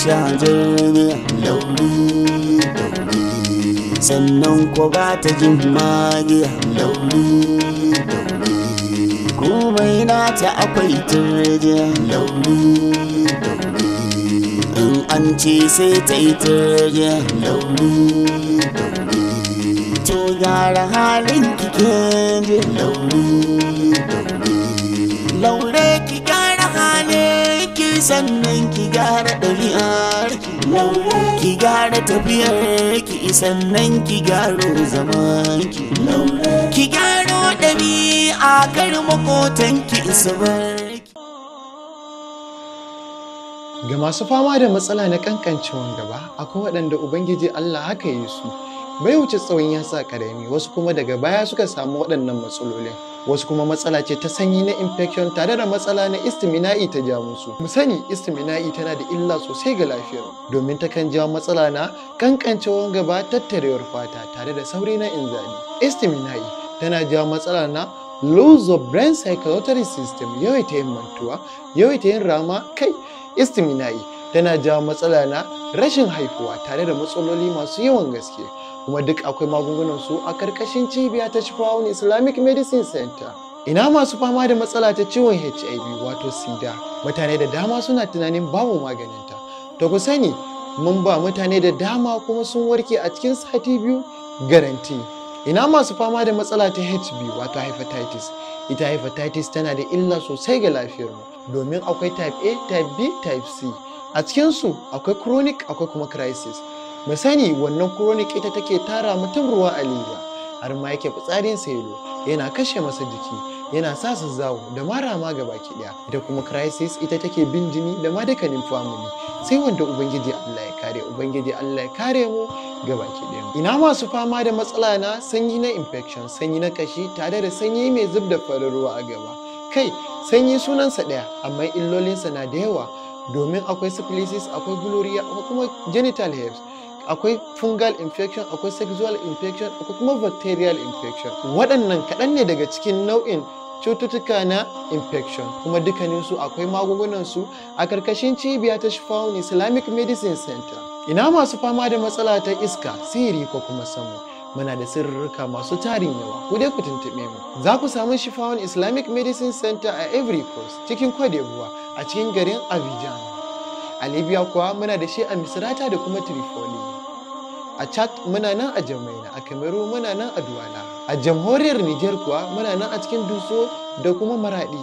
shajar lauri dauri sannan ko ba ta jin mage lauri dauri komai na ta akwai turje lauri dauri in an ce sai ta yi turje lauri dauri to gara halin kike je lauri dauri sannan ki gyara ɗabi'ar ki gyara tafiyar ki sannan ki gara zaman ki ki gyaro ɗabi'a kar makotan ki isa ga masu fama da matsala na kankancewan gaba akwai waɗanda ubangiji Allah haka yi su bai wuce tsawon ya sa wasu kuma daga baya suka samu waɗannan matsalolin wasu kuma matsala ce ta sanyi na infection tare da matsala na istimina'i ta ja musu mu sani istimina'i tana da illa sosai ga lafiyar domin ta kan jawo matsala na kankancewar gaba tattarewar fata tare da sauri na inzali istimina'i tana jawo matsala na lose of brain circulatory system yawaita yin mantuwa yawaita yin rama kai istimina'i tana jawo matsala na rashin haifuwa tare da matsaloli masu yawan gaske kuma duk akwai magungunan su a karkashin cibiya ta Shifawun Islamic Medicine Center. Ina masu fama da matsala ta ciwon HIV wato sida mutane da dama suna tunanin babu maganinta. To ku sani mun ba mutane da dama kuma sun warke a cikin sati biyu garanti. Ina masu fama da matsala ta HB wato hepatitis. Ita hepatitis tana da illa sosai ga lafiyarmu domin akwai type A, type B, type C. A cikinsu akwai chronic akwai kuma crisis. mu sani wannan kronik ita take tara mutum ruwa a liba har ma yake fitsarin selo yana kashe masa jiki yana sa su zawo da mara ma gaba ki daya ita kuma crisis ita take bin jini da ma dukkanin family sai wanda ubangiji Allah ya kare ubangiji Allah ya kare mu gaba ki daya ina masu fama da matsala na sanyi na infection sanyi na kashi tare da sanyi mai zub da farin ruwa a gaba kai sanyi sunansa daya amma illolinsa na da yawa domin akwai syphilis akwai gloria akwai kuma genital herpes akwai fungal infection akwai sexual infection akwai kuma bacterial infection waɗannan kaɗan ne daga cikin nau'in cututtuka na infection kuma dukkaninsu akwai magungunansu a karkashin cibiya ta shifawun islamic medicine center ina masu fama da matsala ta iska sihiri ko kuma samu muna da sirrika masu tarin yawa ku dai ku tuntuɓe mu za ku samu Shifawan islamic medicine center a every coast cikin kwadebuwa a cikin garin abidjan a libya kuwa muna da shi a misrata da kuma trifoli a chad muna nan a jamaina a cameroon muna nan a duwala a jamhuriyar niger kuwa muna nan a cikin duso da kuma maradi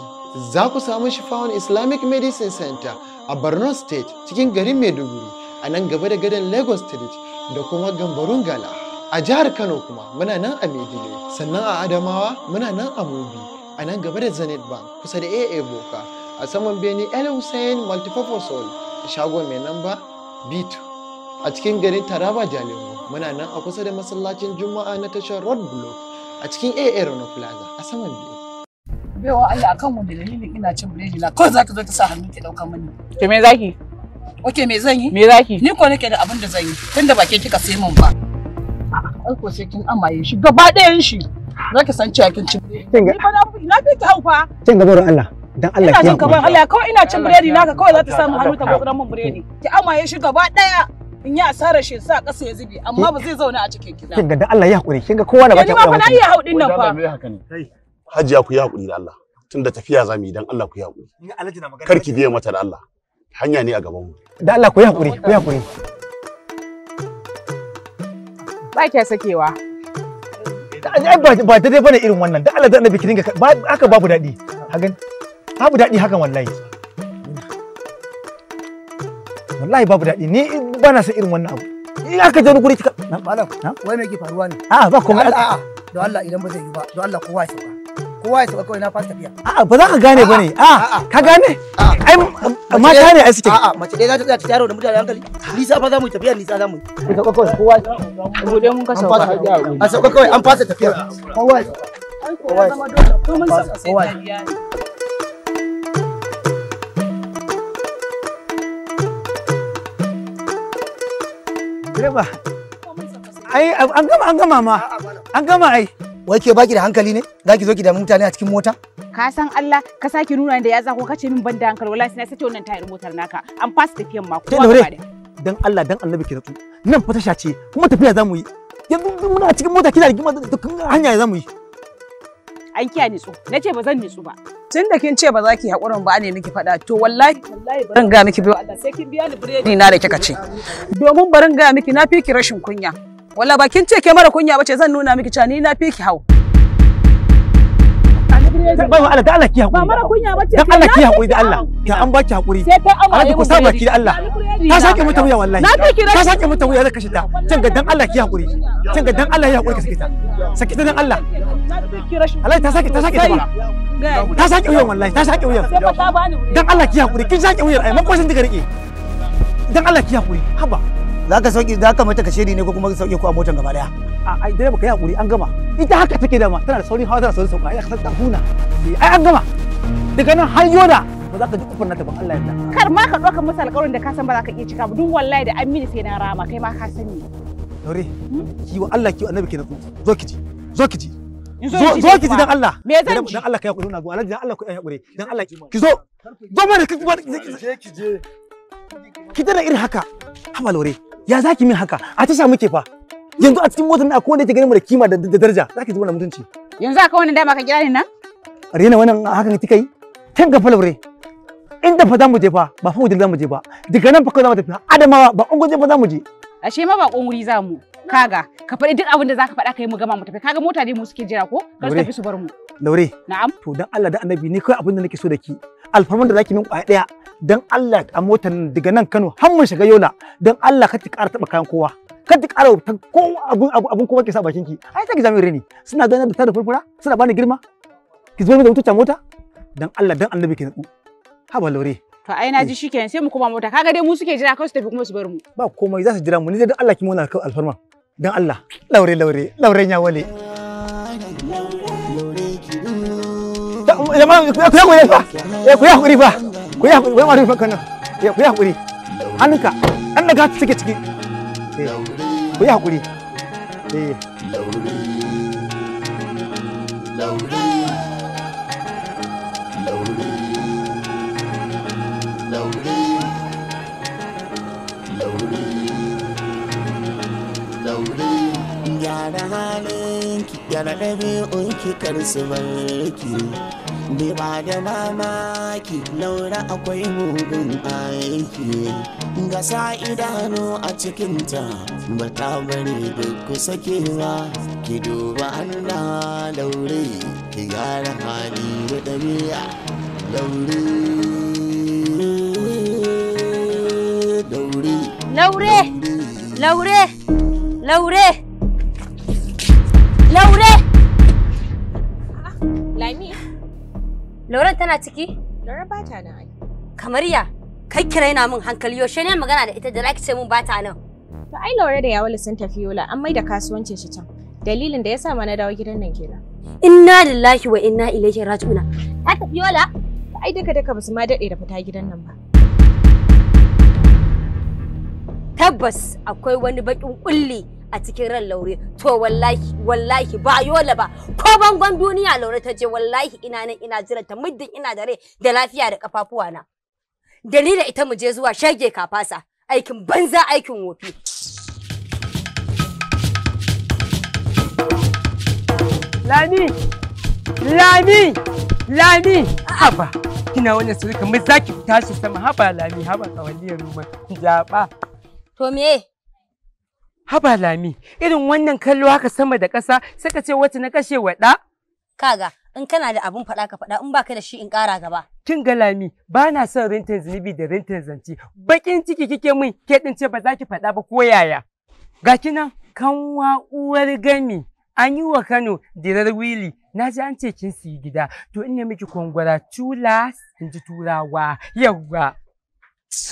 za ku samu fawon islamic medicine center a borno state cikin garin maiduguri a nan gaba da gadon lagos street da kuma gambarun gala a jihar kano kuma muna nan a maiduguri sannan a adamawa muna nan a mobi a nan gaba da zenith bank kusa da aa boka a saman bene el hussein multipurpose hall a shagon mai namba b2 a cikin garin taraba jalingo muna nan a kusa da masallacin juma'a na tashar road block a cikin aa rana plaza a saman bene. baiwa allah akan da dalilin ina cin biredi na kawai ka zo ta sa hannu ki dauka mini to me zaki ok me zan yi me zaki ni ko nake da abin da zan yi tunda ba ke kika sai mun ba a'a ko sai kin amaye shi gaba ɗayan shi ki san cewa kin cin biredi ni fa na fi ta fa. kin gaban Allah dan Allah ina jin kaban Allah kawai ina cin biredi naka kawai za ta samu hannu ta gudun mun biredi ki amaye shi gaba daya in ya asarar shi sa kasa ya zube amma ba zai zauna a cikin gida kinga dan Allah ya hakuri kinga kowa da baki hakuri ni ma fa na iya haudin nan fa hajiya ku ya hakuri da Allah tunda tafiya za mu yi dan Allah ku ya hakuri kar ki biye mata da Allah hanya ne a gaban mu da Allah ku ya hakuri ku ya hakuri ba kya sakewa ba ta dai bane irin wannan da Allah da annabi ki ba haka babu daɗi hagan babu daɗi hakan wallahi wallahi babu daɗi ni ba na san irin wannan abu in aka je guri kika na malam wai me yake faruwa ne a'a ah, ba komai a'a ah, don Allah idan ba zai yi ba don Allah kowa ya sauka kowa ya sauka kawai na fasa tafiya a'a ba za ka gane ba ne a'a ah, ka gane ai mata ne ai suke a'a mace dai za ta tsaya ta taro da mutane hankali nisa fa za mu tafiya nisa za mu ku sauka kawai kowa mu dai mun ka sauka a sauka kawai an fasa tafiya kowa kowa kowa Direba. Ai an gama an gama ma. An gama ai. Wai ke baki da hankali ne? Za ki zo ki da mutane a cikin mota? Ka san Allah ka sake nuna da ya zako ka ce min ban da hankali wallahi sai na sace wannan tayar motar naka. An fasa tafiyan ma ko ba da. Dan Allah dan Annabi ki zato Nan fa tasha ce kuma tafiya zamu yi. Yanzu muna cikin mota kina rigima hanya zamu yi. An kiya nitsu. Nace ba zan nitsu ba. tun da kin ce ba za ki haƙurin ba ne nake faɗa to wallahi wallahi barin ga miki biyo Allah sai kin biya ni biredi na da kika ce domin barin ga miki na fi ki rashin kunya walla ba kin ce ke mara kunya ba ce zan nuna miki cewa ni na fi ki hau bai wa Allah da Allah ki haƙuri ba mara kunya bace dan Allah ki haƙuri da Allah ya an ba ki haƙuri sai kai amma ku saba ki da Allah ta sake mutu wuya wallahi ta sake mata wuya zai kashe ta can ga dan Allah ki hakuri can ga dan Allah ya hakuri ka sake ta sake ta dan Allah Allah ta sake ta sake ta ta sake wuya wallahi ta sake wuya dan Allah ki hakuri kin sake wuya ai makwashin diga rike dan Allah ki hakuri haba za ka sauki za ka mata ka shedi ne ko kuma ka sauke ku a motar gaba daya ai dai baka yi hakuri an gama ita haka take da ma tana da saurin hawa tana saurin sauka ai ka san huna ai an gama daga nan har yoda ba za ka ji kufin nata ba Allah ya yarda kar ma ka ɗauka musu alƙawarin da ka san ba za ka iya cika ba duk wallahi da an mini sai na rama kai ma ka sani Daure hmm? ki wa Allah ki wa annabi ki natsu zo ki ji zo ki ji zo ki ji dan Allah me zan ji dan Allah kai hakuri na go Allah dan Allah kai hakuri dan Allah ki zo zo mana ki ki je ki dana irin haka haba Laure ya zaki min haka a tasha muke fa yanzu a cikin motar na akwai wanda yake ganin mu da kima da daraja zaki ji wannan mutunci yanzu akwai wani dama ka kira ni nan rena wannan hakan kika yi kin ga falure inda fa za mu je fa ba fa wajen za mu je ba daga nan fa kawai za mu tafi adamawa ba je fa za mu je ashe ma ba wuri za mu kaga ka faɗi duk abin da zaka faɗa kai mu gama mu tafi kaga mota ne mu suke jira ko ka tafi su bar mu laure na'am to dan Allah da annabi ni kai abin da nake so da ki alfarman da zaki min kwaya daya dan Allah a motar daga nan Kano har mun shiga Yola dan Allah ka ti ƙara taba kayan kowa ka ti ƙara ta ko abun abun kowa ke sa bakin ki ai ta ki zami reni suna ganin da ta da furfura suna bani girma ki zo mu da mutunta mota dan Allah dan annabi ke natsu Haba Lore. To ai na ji eh. shikenan sai mu koma mota. Kaga dai mu suke jira kawai su tafi kuma su bar mu. Ba komai za su jira mu ni dai don Allah ki mu na alfarma. Don Allah. Laure laure laure ya wale. Jama'a ku ya eh, hakuri fa. Ku ya hakuri fa. Ku ya hakuri wai ma kan nan. Eh, ku ya hakuri. Hannunka. An daga ta take ciki. Ku ya hakuri. Eh. Laure. Laure. da halinki gyara ɗabi'unki kar su barki bi ba da mamaki laura akwai mugun aiki gasa idanu a cikinta ba ta bari da kusa kewa ki duba hannu laure ki gyara hali da ɗabi'a laure laure laure laure Laure! Lami? Lauren tana ciki? Laure ba ta nan Kamar kai kira yana min hankali yaushe ne magana da ita da like ce mun ba ta nan. To ai Laure da Yawale sun tafi Yola an mai da kasuwancin shi can. Dalilin da ya yasa mana dawo gidan nan kenan. Inna lillahi wa inna ilaihi raji'una. Ta tafi Yola? Ai duka duka basu ma dade da fita gidan nan ba. Tabbas akwai wani bakin kulli a cikin ran laure to wallahi wallahi ba yola ba ko bangon duniya laure ta je wallahi ina nan ina jira ta muddin ina da rai da lafiya da kafafuwa na dalila ita mu je zuwa shage kafasa aikin banza aikin wofi Lami! Lami! Lami! Haba! Kina wannan surukan mai zaki fita su sama haba Lami haba kawaliyar ruwa jaba. To me haba lami irin wannan kallo haka sama da ƙasa sai ka ce wata na kashe waɗa? Kaga in kana da abun faɗa ka faɗa in baka da shi in ƙara gaba. Kin ga lami ba na son rintan zunubi da rintan zance bakin ciki kike min ke din ce ba za ki faɗa ba ko yaya. Ga kina kanwa uwar gami an yi wa Kano dirar wili na ji an ce kin siyi gida to in ne miki kwangwara tula in ji turawa yawwa.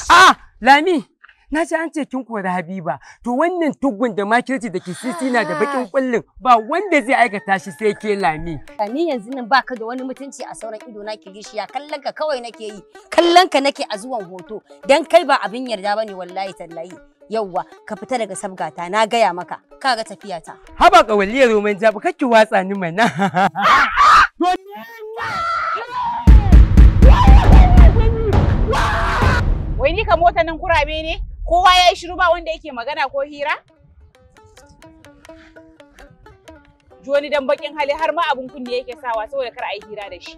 Ah lami na ji an ce kin kori Habiba to wannan tugun da makirci da ke sisi na da bakin kullun ba wanda zai aikata shi sai ke lami ni yanzu nan baka da wani mutunci a sauran ido na ki gishiya kallon ka kawai nake yi kallon ka nake a zuwan hoto dan kai ba abin yarda bane wallahi tallahi yauwa ka fita daga sabgata na gaya maka kaga tafiya ta haba kawalliyar roman jabu kake watsa ni mana Wai ni ka mota nan kurabe ne? kowa ya yi shiru ba wanda yake magana ko hira wani dan bakin hali har ma abun kunne yake sawa saboda kar a yi hira da shi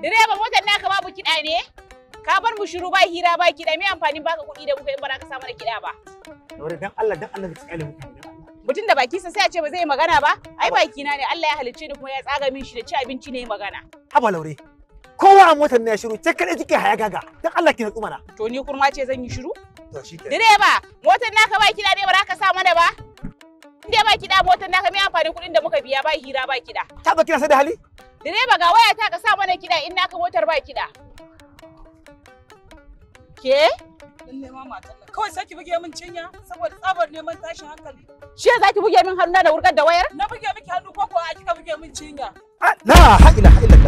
direba motar naka babu kiɗa ne ka bar mu shiru ba hira ba kiɗa me amfanin baka kuɗi da muka in ba za ka samu da kiɗa ba Dore dan Allah dan Allah ka tsale mutane mutum da baki sai a ce ba zai magana ba ai bakina ne Allah ya halicce ni kuma ya tsaga min shi da ci abinci ne magana haba laure kowa a motar na shiru ce kaɗai kike haya gaga dan Allah ki natsu mana to ni kurma ce zan yi shiru to shikenan direba motar naka ba kiɗa ne ba za ka sa mana ba In inda ba kiɗa motar naka me amfani kuɗin da muka biya ba hira ba kiɗa. ta ba kina sai da hali direba ga waya ta ka sa mana kiɗa in naka motar ba kiɗa. ke lalle ma matar nan kawai saki buge min cinya saboda tsabar neman tashin hankali shi ya zaki buge min hannu na wurgar da wayar na buge miki hannu ko ko a kika buge min cinya la ha ila ha illa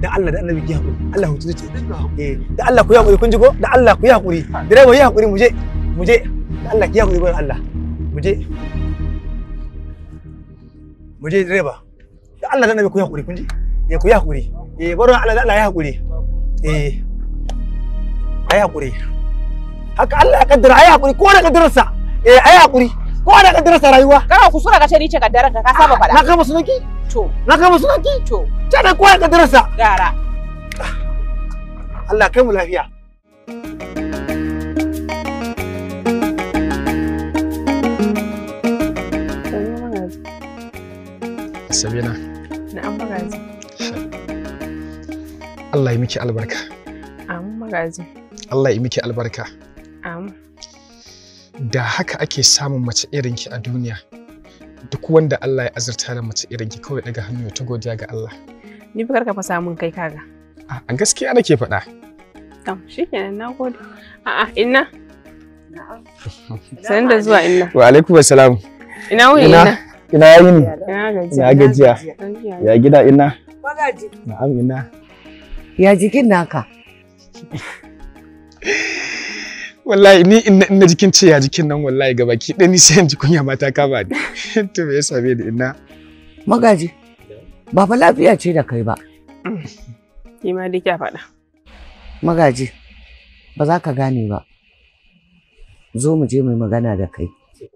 da Allah da annabi ki hakuri Allah hutu ce eh da Allah ku ya hakuri kun ji ko da Allah ku ya hakuri direba yi hakuri mu je mu je da Allah ki hakuri bayan Allah mu je mu je direba da Allah da annabi ku ya hakuri kun ji eh ku ya hakuri eh bar Allah da Allah ya hakuri eh ayi hakuri haka Allah ya kaddara ayi hakuri ko da kaddarsa eh ayi hakuri ko da kaddara sa rayuwa kana kusura ka ce ni ce kaddaran ka ka saba fada na kama sunanki to na kama sunanki to ta da ko da ka sa gara Allah kai mu lafiya Sabina. Na'am magazi. Allah ya miki albarka. Amin magazi. Allah ya miki albarka. Amin. da haka ake samun mace irinki a duniya duk wanda Allah ya azurta da mace irinki kawai daga hannu ta godiya ga Allah ni fa karka fa samun kai kaga a gaskiya ke faɗa tam shikenan a a inna san da zuwa inna wa alaikum assalam ina wuni inna ina yayi ni ina gajiya ya gida inna na'am inna ya jikin naka wallahi ni in na jikin ce ya jikin nan wallahi ga baki ɗaya ni sai in ji kunya mata kama ni to me yasa same ni ina magaji ba fa lafiya ce da kai ba ki mm. ma dai kya faɗa magaji ba za ka gane ba zo mu je mu magana da kai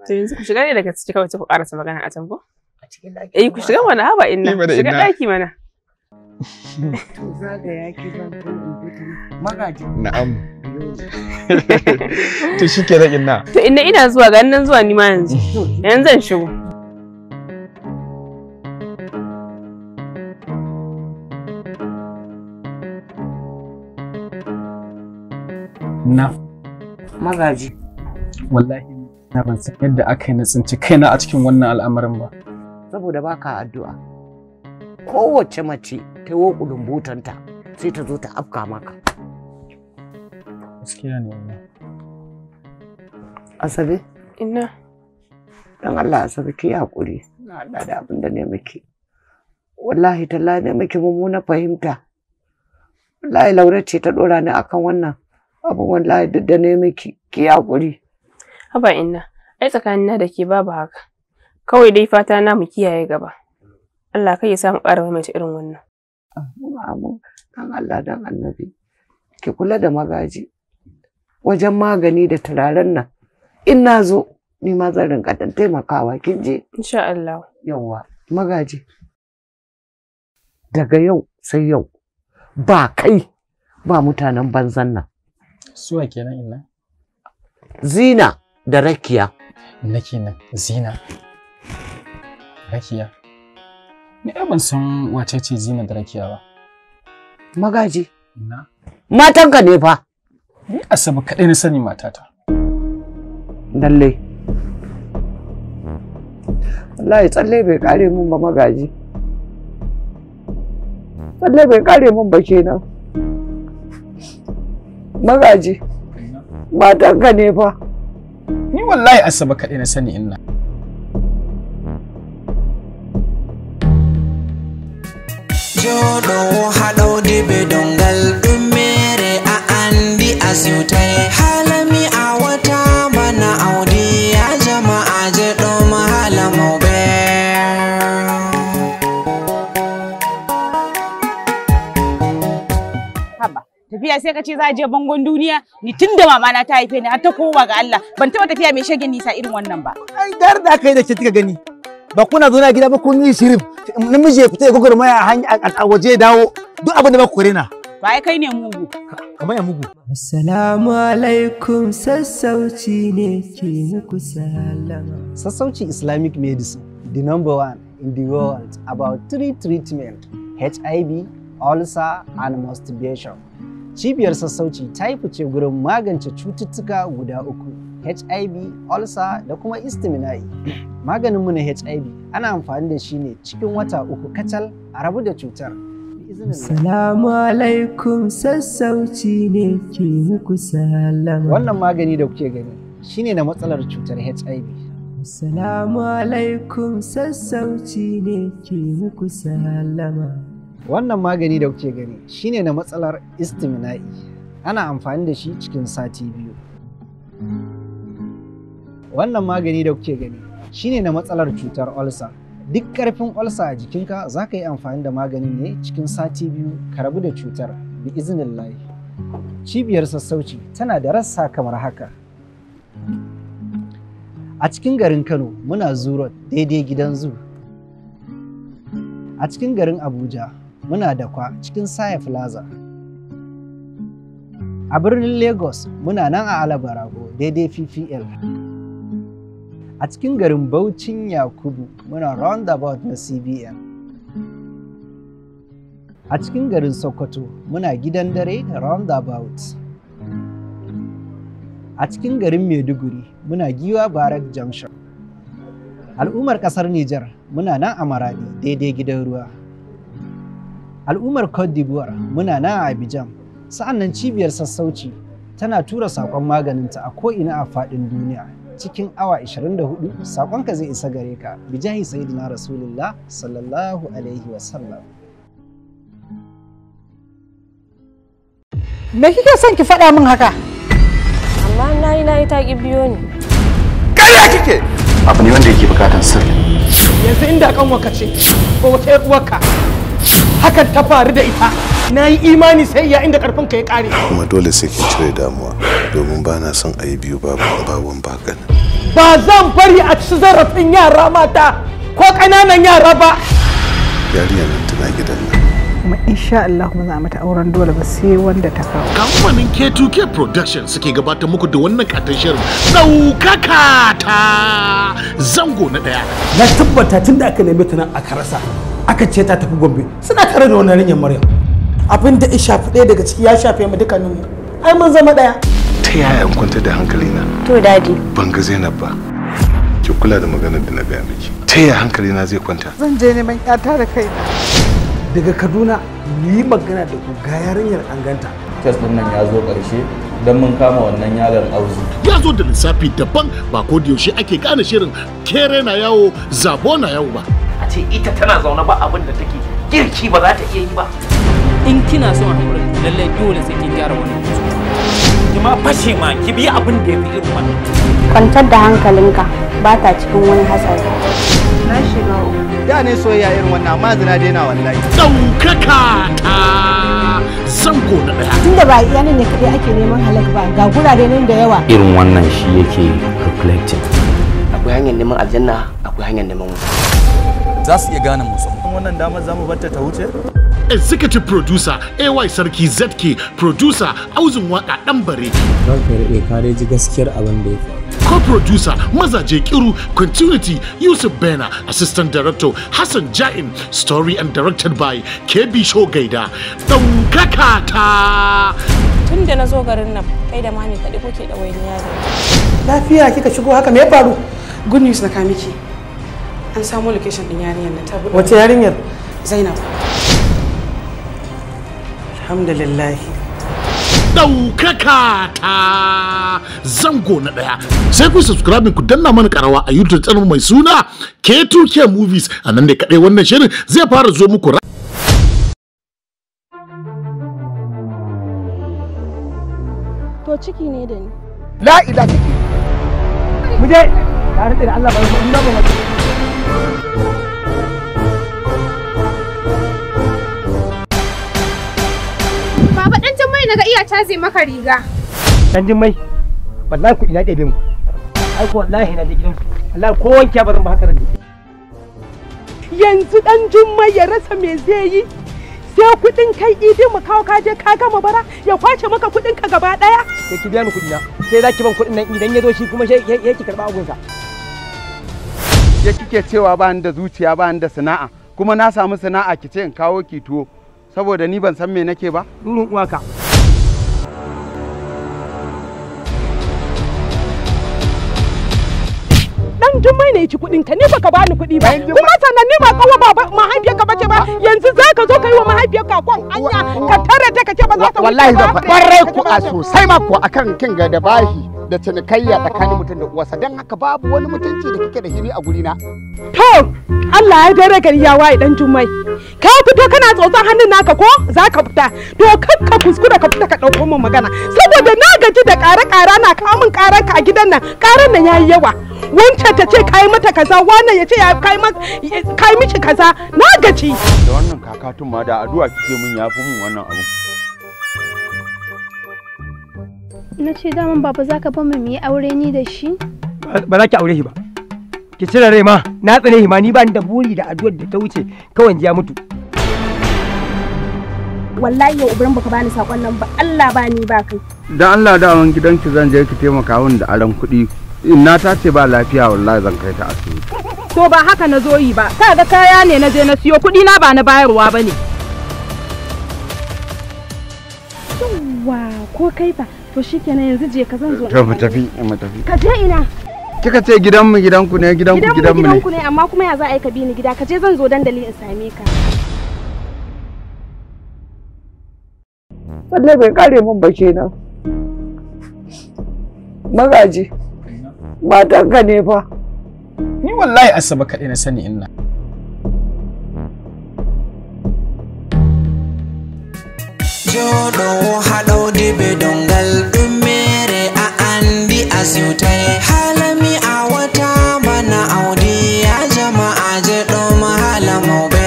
to yanzu ku shiga ne daga ciki kawai ku karasa magana a can ko eh ku shiga mana haba inna shiga daki mana to zaga yaki zan ko in magaji na'am to shi ke na. to inda ina zuwa ga nan zuwa ni ma yanzu mm. yanzu zan shigo na magaji wallahi na ban san yadda aka yi na tsinci kaina a cikin wannan al'amarin ba saboda baka addu'a kowace mace ta yi wa sai ta zo ta afka maka Gaskiya ne wannan. Asabe? Ina. Dan Allah Asabe ki haƙuri. Na Allah da abin da ne miki. Wallahi talla ne miki mummuna fahimta. Wallahi Laura ce ta ɗora ni akan wannan. Abin wallahi duk da ne miki ki haƙuri. Haba inna, ai tsakanina da ke babu haka. Kawai dai fata na mu kiyaye gaba. Allah kai ya sa mu ƙara maimaita irin wannan. Amin, amin. Dan Allah dan annabi. Ki kula da magaji. wajen magani da turaren nan in na zo ni ma zan rinka dan taimakawa kin je insha Allah yawa magaji daga yau sai yau ba kai ba mutanen banzan nan suwa kenan ina zina da rakiya nake nan zina rakiya ni ai ban san wace ce zina da rakiya ba magaji na matanka ne fa Ni Asabe kaɗai na sani matata. Lalle. Wallahi tsalle bai kare mun ba magaji. Tsalle bai kare mun ba kenan. Magaji. Matanka ne fa. Ni wallahi Asabe kaɗai na sani inna. Jodo wani dibe dongal ɗum as halami a wata bana aure ya jama'a je ɗoma halamau tafiya sai ka ce za a je bangon duniya ni tun da mama na ta haife ni har ta kowa ga Allah ban taba tafiya mai shagin nisa irin wannan ba ai dar da kai da ke kika gani ba kuna zo na gida ba kun yi shirin namiji ya fita ya gogoro maya a waje dawo duk abin da ba ku rena Ba kai ne mugu. Kamar ya mugu. Assalamu alaikum sassauci ne ke muku salama. Sassauci Islamic medicine, the number one in the world about three treatment, HIV, ulcer and masturbation. Cibiyar sassauci ta yi fice gurin magance cututtuka guda uku. HIV, ulcer da kuma istimina'i. Maganinmu na HIV ana amfani da shi ne cikin wata uku kacal a rabu da cutar. Salamu alaikum sassauci ne ke muku salama. Wannan magani da kuke gani shine na matsalar cutar HIV. Salamu alaikum sassauci ne ke muku salama. Wannan magani da kuke gani shine na matsalar istimina'i. Ana amfani da shi cikin sati biyu. Wannan magani da kuke gani shine na matsalar cutar ulcer. duk ƙarfin olsa a jikinka za ka yi amfani da maganin ne cikin sati biyu ka rabu da cutar bi izinin cibiyar sassauci tana da rassa kamar haka a cikin garin kano muna zuro daidai gidan zu a cikin garin abuja muna da kwa cikin saya plaza a birnin lagos muna nan a alabarago daidai ppl a cikin garin Baucin Yakubu muna round roundabout na CBN. A cikin garin Sokoto muna gidan dare roundabout. A cikin garin Maiduguri muna giwa Barak Junction. Al'ummar ƙasar Nijar muna nan a Maradi daidai gidan ruwa. Al'ummar Cote d'Ivoire muna nan a Abidjan sa'annan cibiyar sassauci tana tura saƙon maganinta a ko'ina a faɗin duniya. cikin awa 24 saƙonka zai isa gare ka bijahi sayyidina rasulullah sallallahu alaihi wasallam me kike son ki faɗa min haka amma na yi ta ki biyo ni ƙarya kike abu ne wanda yake bukatan sirri yanzu inda kan waka ce ko wata uwarka hakan ta faru da ita na yi imani sai ya inda karfin ka ya kare kuma dole sai kin cire damuwa domin ba na son a yi biyu babban bakan ba zan bari a ci zarafin yara mata ko ƙananan yara ba yariya nan tana gidan nan kuma insha Allah za mata auren dole ba sai wanda ta kawo kamfanin K2K production suke gabatar muku da wannan katon shirin ɗaukaka ta zango na ɗaya na tabbata tun da aka neme ta nan aka rasa aka ce ta tafi gombe suna tare da wannan rinyar maryam abin da ya shafi ɗaya daga ciki ya shafe mu dukkanin mu ai mun zama ɗaya ta yaya in kwantar da hankalina to dadi ban ga zainab ba ki kula da maganar da na gaya miki ta yaya hankalina zai kwanta zan je neman ƴata da kai daga kaduna ni magana da ku ga yarinyar an ganta tes din nan ya zo ƙarshe don mun kama wannan yaron auzu. Ya zo da lissafi daban ba ko da yaushe ake gane shirin kere na yawo zabo na yawo ba. ce ita tana zaune ba abin da take girki ba za ta iya yi ba in kina son haƙurin lallai dole sai kin gyara wani ki ma fashe ma ki bi abin da ya fi irin wannan kwantar da hankalinka ba ta cikin wani hatsari na shiga da ne soyayya irin wannan amma zina daina wallahi ɗaukaka ta zango na daya tunda ba iya nan ne kaɗai ake neman halak ba ga gurare nan da yawa irin wannan shi yake reflecting akwai hanyar neman aljanna akwai hanyar neman wuta za su iya gane musu wannan damar za mu batta ta wuce executive producer ay sarki zk producer auzun waka dan bare ranka ya kare ji gaskiyar abin da ya co-producer mazaje kiru continuity yusuf bena assistant director hassan Jain story and directed by kb shogaida ɗaukaka ta tun da na zo garin nan kai da mami kaɗi kuke ɗawainiya da lafiya kika shigo haka me ya faru good news na kamiki an samu location din yarinyar na ta wace yarinyar zainab alhamdulillah daukaka ta zango na ɗaya sai ku subscribe ku danna mana karawa a youtube channel mai suna k2k movies a nan ne kadai wannan shirin zai fara zo muku to ciki ne da ni la ila ciki mu je tare da Allah ba mu ba mu Baba dan Jummai naga iya caze maka riga. Dan Jummai wallahi kuɗi na ɗebe mu. Ai ko wallahi na da gidan su. Wallahi ko wanke ba zan ba haka da Yanzu ɗan Jummai ya rasa me zai yi? sai kuɗin kai idi mu kawo kaje ka gama bara ya kwace maka kuɗin ka gaba daya sai ki biya ni kuɗi na, sai za ki ban kuɗin nan idan ya zo shi kuma sai ki karɓa karba abunsa ke kike cewa ba da zuciya ba da sana'a kuma na samu sana'a ki ce in kawo ki tuwo saboda ni ban san me nake ba rurun uwaka dan jummai ne ci kudin ka ni baka bani kudi ba kuma sannan ni ba kawo baba mahaifiyar ah. ka bace ba yanzu zaka zo kai wa mahaifiyar ka kwan anya ka tare ta kace ba za ta wallahi kwarai ku a sosai ma ku akan kin ga da bahi da cinikayya tsakanin mutum da uwarsa don haka babu wani mutunci da kike da hiri a gurina. To, Allah ya dare gari ya waye dan jummai. Ka fito kana tsotson hannun naka ko za ka fita. To kan ka kuskura ka fita ka ɗauko min magana. Saboda na gaji da ƙare-ƙara na kamun ƙaran ka a gidan nan. Ƙaran nan ya yi yawa. Wancan ta ce kai mata kaza, wannan ya ce ya kai mishi kaza. Na gaji. Da wannan kakatun ma da addu'a kike mun ya fi mun wannan abu. na ce daman baba za ka bamu mu yi aure ni da shi ba za ki aure shi ba ki cire rai ma na tsane shi ma ni ba ni da buri da addu'ar da ta wuce kawai ya mutu wallahi yau ubran baka bani sakon nan ba Allah ba ni ba kai dan Allah da awon gidanki zan je ki taimaka min da aran kuɗi na ta ce ba lafiya wallahi zan kai ta asibiti to ba haka na zo yi ba ka ga kaya ne na je na siyo kuɗi na ba na bayarwa bane yawa ko kai ba to shi kenan yanzu je ka zan zo to mu tafi mu tafi ka je ina kika ce gidan mu gidan ku ne gidan ku gidan mu ne gidan ku ne amma kuma ya za a yi ka bi ni gida ka je zan zo dandali in same ka wallahi bai kare mun ba kenan magaji matan ka ne fa ni wallahi asaba kaɗai na sani inna jooɗo haɗowde be dongal ɗum mere a andi a halami a wata bana awdiya jama'a je ɗum haala mawɓe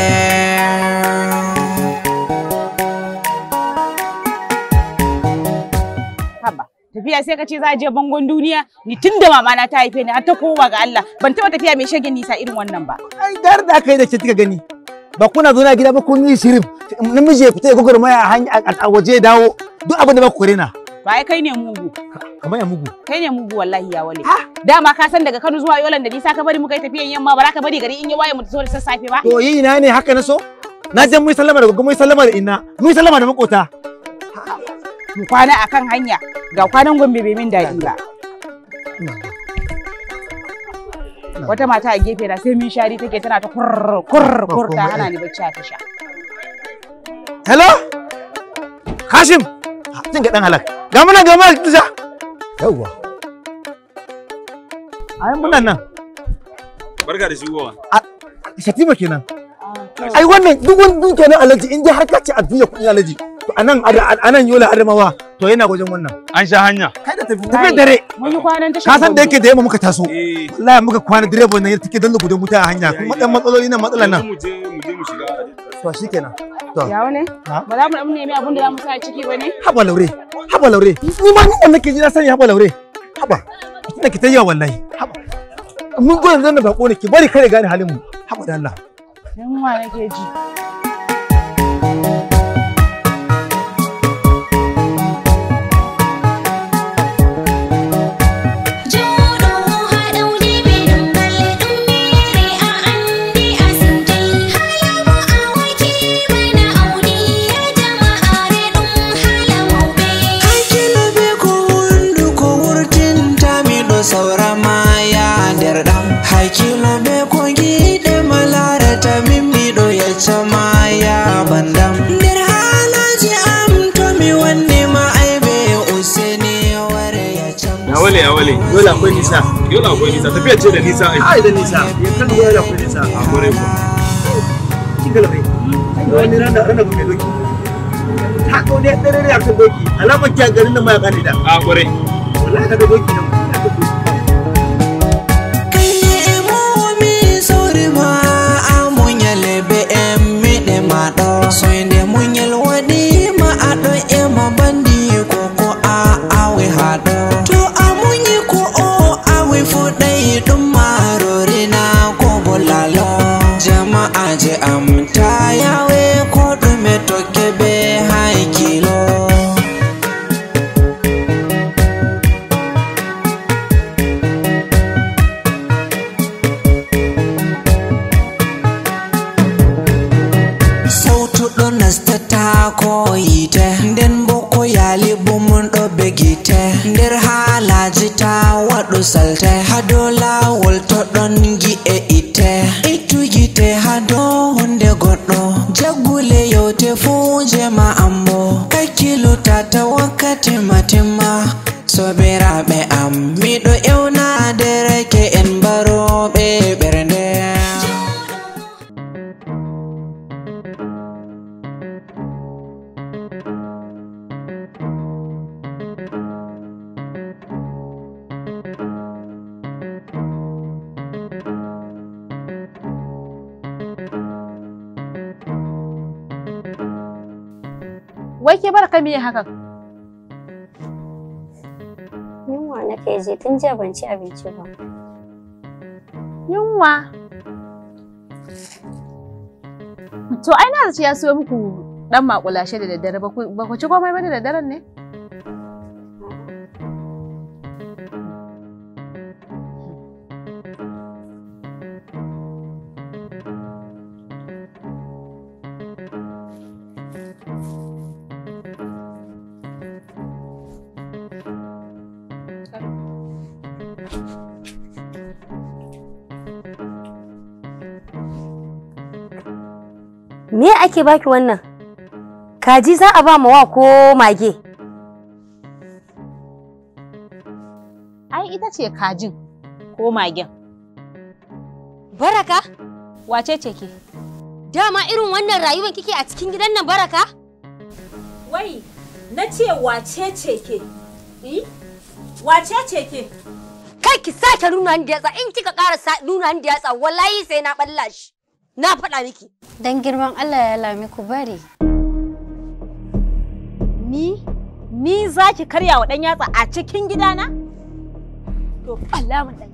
tafiya sai ka ce za a je bangon duniya ni tun mama na ta haife ni an ta kowa ga Allah ban taba tafiya mai shege nisa irin wannan ba ai dar da kai da ke kika gani ba kuna zaune a gida ba kun yi shirin namiji ya fita ya mai a waje dawo duk abin da ba ku rena. Ba ai kai ne mugu. Kamar ya mugu. Kai ne mugu wallahi ya wale. Dama ka san daga Kano zuwa Yolan da nisa ka bari mu kai tafiyan yamma ba za ka bari gari in ya waye mu zo da sassafe ba. To yi ina ne haka na so? Na je mun sallama da gogo yi sallama da mu yi sallama da makota. Mu kwana akan hanya ga kwanan Gombe bai min daɗi ba. wata mata a gefe na sai min shari take tana ta kurkur ta hana ni bacci a tasha hello hashim zan ga dan halak ga muna ga muna tasha yawwa ai muna nan barka da shigowa shatima kenan ah, ai wannan duk wani dukiyar alaji in dai har ka ce a duniya kuɗin alaji. anan anan yola adamawa to yana gwajin wannan an sha hanya kai da tafi tafi dare mun kwanan ta ka san da yake da yamma muka taso eh. wallahi muka kwana direba nan take dan gudun muta a hanya kuma dan matsaloli nan matsalan nan mu je mu je mu shiga to shikenan to ya wane ba za mu dan nemi abin da za mu sa ciki bane haba laure haba laure ni ma ni nake ji na sani haba laure haba tunda ki tayya wallahi haba mun gudun zan da bako ne ki bari riga ni halin mu haba da Allah dan wa nake ji malin dole akwai nisa dole akwai nisa tafiyar ce da nisa ai ai da nisa ya kan dole akwai nisa a gore ku kin galabe wani ran da ran da kuke doki ta ko ne dare ne akan doki alamar kyan garin nan ma ya kare a gore wallahi ka doki ne na ƴewnaade reke en be ɓernde wai ke bar kami hakan ce tun ci abinci ba. To ai na zaci ya siyo muku dan makulashe da daddare ba ku ci komai ba da daddaren ne? me ake baki wannan kaji za a ba wa ko mage ai ita ce kajin ko magen baraka wace ce ke dama irin wannan rayuwar kike a cikin gidan nan baraka wai na ce wace ce ke eh? wace ce ke kai ki sake nuna ni da yatsa in kika ƙara nuna ni da yatsa wallahi sai na ɓalla shi Na faɗa miki. Dan girman Allah ya lami ku bari. Ni? Ni za ki karya wa ɗan yatsa a cikin gidana? To, Allah mu ɗan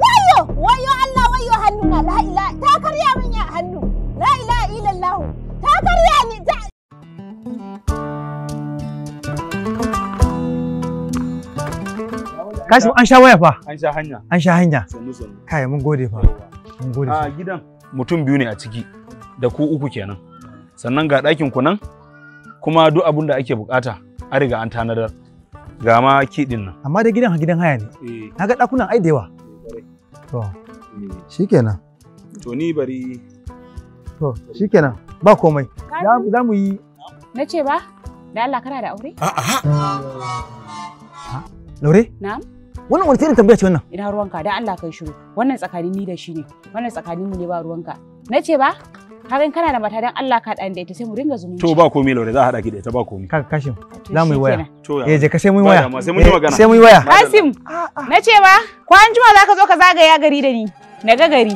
Wayo! Wayo Allah wayo hannu na la'ila ta karya min ya hannu. La'ila ilallahu ta karya ni ta. Kasim an sha waya fa? An sha hanya. An sha hanya. Kai mun gode fa. Mun gode. A gidan. mutum biyu ne a ciki da ku uku kenan sannan ga ɗakin ku nan kuma duk abin da ake bukata a riga an tanadar ga ma kiɗin nan amma da gidan gidan haya ne eh. na ga ɗakunan ai da yawa eh, to eh. shi kenan to ni bari to shi kenan ba komai za mu yi na ce ba da Allah kana da aure a'a Laure? Na'am. wannan wani irin tambaya ce wannan ina ruwanka dan Allah kai shiru wannan tsakanin ni da shi ne wannan tsakanin mu ne ba ruwanka nace ba ga kana da mata dan Allah ka dan da ita sai mu ringa zumunci to ba komai laure za a hada ki da ita ba komai kaka kashin za mu yi waya eh je ka sai mu yi waya eh, sai mu yi waya Kasim nace ba ah, ah. kwan juma ka zo ka zagaya gari da ni na ga gari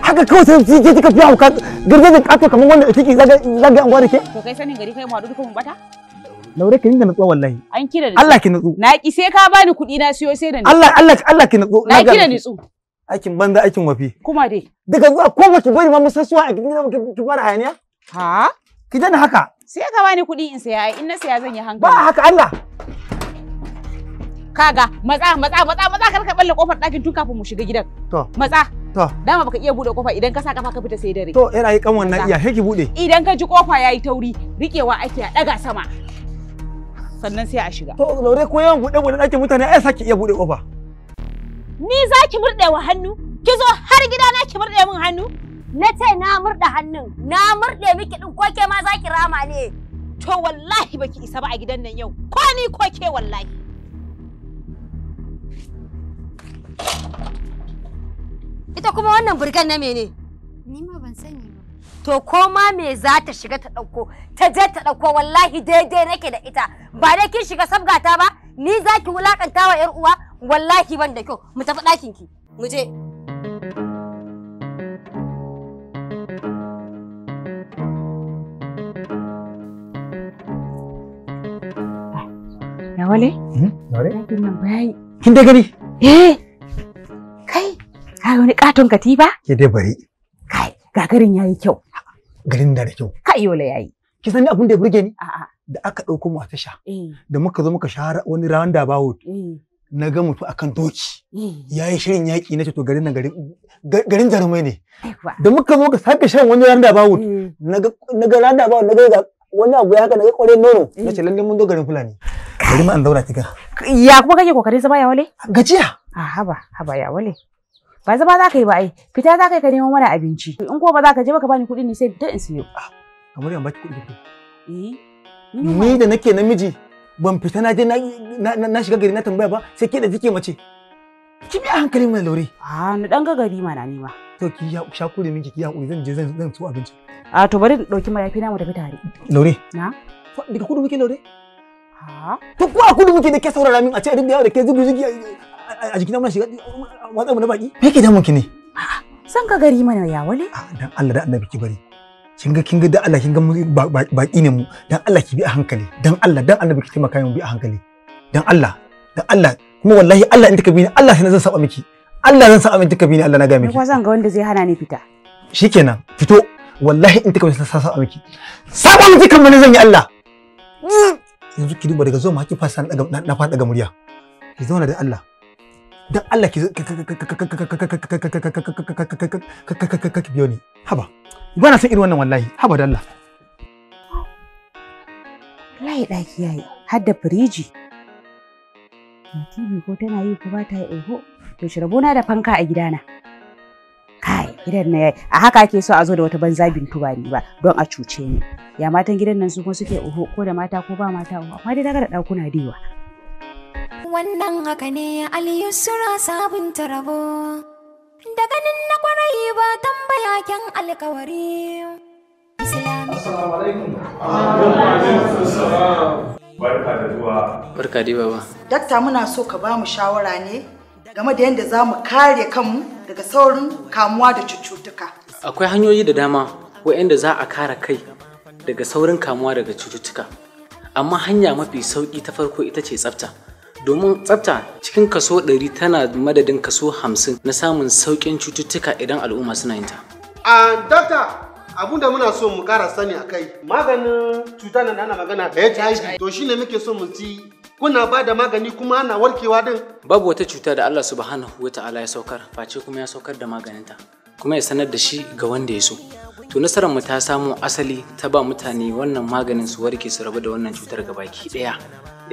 haka kawai sai je ka fi ka gargaje ka kamar wanda take zaga an gwada ke to kai sanin gari kai mu haɗu duka mu bata Laure ka dinga nutsuwa wallahi. An kira da Allah ki nutsu. Na ki sai ka bani kuɗi na siyo sai da ni. Allah Allah Allah ki nutsu. Na kira nutsu. Aikin banza aikin wafi. Kuma dai. Daga zuwa ko baki bari ma musassuwa a gidan ki fara hayaniya? Ha? Ki dana haka. Sai ka bani kuɗi in saya in na saya zan yi hankali. Ba haka Allah. Kaga matsa matsa matsa matsa kar ka balle kofar ɗakin tun kafin mu shiga gidan. To. Matsa. To. Dama baka iya bude kofa idan ka sa kafa ka fita sai dare. To, ira yi kan wannan iya, sai ki bude. Idan ka ji kofa yayi tauri, rikewa ake a daga sama. sannan sai a shiga. To laure ko yawan buɗe buɗe ɗakin mutane ai saki iya buɗe ƙofa. Ni zaki ki murɗe wa hannu? kizo har gida na ki murɗe min hannu? Na ce na murɗe hannun, na murɗe miki ɗin ko ke ma za rama ne. To wallahi baki isa ba a gidan nan yau, ko ni ko wallahi. Ita kuma wannan burgan na mene? Ni ma ban sani to koma me za ta shiga ta ɗauko ta je ta ɗauko wallahi daidai nake da ita ba dai kin shiga sabgata ba ni za ki wulakanta wa 'yar uwa wallahi ban da kyau mu tafi ɗakin ki mu je. Nawale? Hmm? wale? Ɗakin nan yi. Kin dai gani? Eh. Kai, ka wani katon katifa? Ke dai bari. Kai, gagarin yayi kyau. garin da da kyau. Kai yayi. Ki san abin da ya burge ni? A'a. Da aka ɗauko mu a tasha. Eh. Da muka zo muka shahara wani rawan da bawo. Na ga mutu akan doki. Eh. Ya yi shirin yaƙi na ce to garin nan garin Garin jarumai ne. Da muka zo muka sake shan wani rawan da bawo. Na ga rawan da bawo na ga wani abu ya haka na ga ƙwarin nono. Na ce eh. lallai mun zo garin Fulani. Bari ma an zauna kiga. Ya kuma kake kokarin zama ya wale? Gajiya. A ah, haba haba ya wale. ba zama za ka yi ba ai fita za ka yi ka nemo mana abinci in ko ba za ka je ba ka bani kuɗi ne sai ta in siyo kamar yan baki kuɗi eh ni da nake namiji ban fita na je na shiga gari na tambaya ba sai ke da jike mace ki bi a hankali mai lauri a ni dan gagari mana ni ma to ki ya sha kure miki ki ya kure zan je zan zan so abinci a to bari in dauki mayafi na mu tafi tare lauri. na daga kudu muke lauri. ha to ko a kudu muke da ke saurara min a ce a dinga yawo da ke zugi zugi a jikina muna shiga watsa mu na baki me yake damun ki ne san ka gari mana ya wale dan Allah da annabi ki bari kin ga kin ga da Allah kin ga baki ne mu dan Allah ki bi a hankali dan Allah dan annabi ki taimaka mu bi a hankali dan Allah dan Allah kuma wallahi Allah in taka bi ni Allah sai zan saba miki Allah zan saba miki taka bi ni Allah na ga miki ko zan ga wanda zai hana ni fita shikenan fito wallahi in taka bi sai saba miki saba miki kan mun zan yi Allah yanzu ki duba daga zo ma ki fasa na fada ga murya ki zauna da Allah don Allah ki ki biyo ni haba ba na san irin wannan wallahi haba da Allah wallahi ɗaki yayi har da firiji TV ko tana yi ko ba ta yi oho to shi rabona da fanka a gidana kai gidan na yayi a haka ake so a zo da wata banza bintu ba ni ba don a cuce ni ya matan gidan nan su kuma suke oho ko da mata ko ba mata amma dai daga da dakuna da yawa wannan haka ne aliyusura sabunta rabo da ganin na kwarai ba tambaya kyan alkawari Barka da zuwa. Barka Dakta muna so ka ba mu shawara ne game da yadda za mu kare kanmu daga saurin kamuwa da cututtuka. Akwai hanyoyi da dama waɗanda za a kare kai daga saurin kamuwa daga cututtuka. Amma hanya mafi sauƙi ta farko ita ce tsafta. domin tsafta cikin kaso 100 tana madadin kaso 50 na samun saukin cututtuka idan al'umma suna yin ta. A dokta abun da muna so mu kara sani a kai maganin cuta nan ana magana da HIV to shine muke so mu ci kuna ba da magani kuma ana warkewa din. Babu wata cuta da Allah subhanahu wa ta'ala ya saukar face kuma ya saukar da maganinta kuma ya sanar da shi ga wanda ya so. To nasarar mu ta samu asali ta ba mutane wannan maganin su warke su rabu da wannan cutar gabaki ɗaya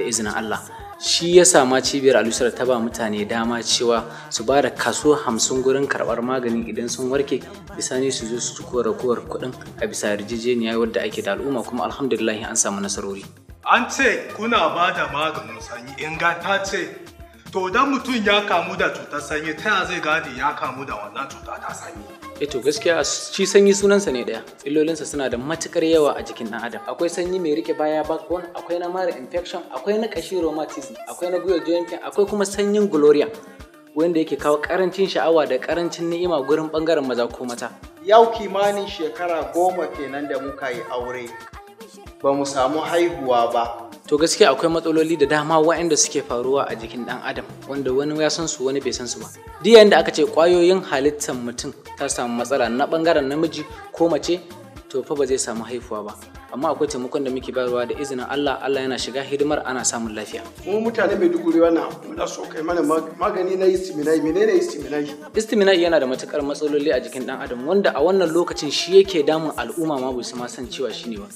da izinin Allah. shi ya sama cibiyar alusar ta ba mutane dama cewa su ba da kaso hamsin gurin karɓar magani idan sun warke bisani su zo su ciko ragowar kuɗin a bisa yarjejeniya wadda ake da al'umma kuma alhamdulillah an samu nasarori an ce kuna ba da maganin sanyi inganta ce To idan mutum ya kamu da cutar sanyi ta zai gane ya kamu da wannan cuta ta sanyi. E to gaskiya shi sanyi sunansa ne ɗaya. Illolinsa suna da matukar yawa a jikin ɗan adam. Akwai sanyi mai rike baya backbone, akwai na mara infection, akwai na kashi rheumatism, akwai na gwiwar joint pain, akwai kuma sanyin gloria. Wanda yake kawo karancin sha'awa da karancin ni'ima gurin bangaren maza ko mata. Yau kimanin shekara goma kenan da muka yi aure. Ba mu samu haihuwa ba. to gaskiya akwai matsaloli da dama waɗanda suke faruwa a jikin ɗan adam wanda wani ya san su wani bai san su ba duk yayin da aka ce ƙwayoyin halittar mutum ta samu matsala na ɓangaren namiji ko mace to fa ba zai samu haifuwa ba amma akwai taimakon da muke bayarwa da izinin Allah Allah yana shiga hidimar ana samun lafiya mu mutane mai duguri wannan muna so kai mana magani na istiminai menene istiminai istiminai yana da matukar matsaloli a jikin dan adam wanda a wannan lokacin shi yake damun al'umma ma bai ma san cewa shine ba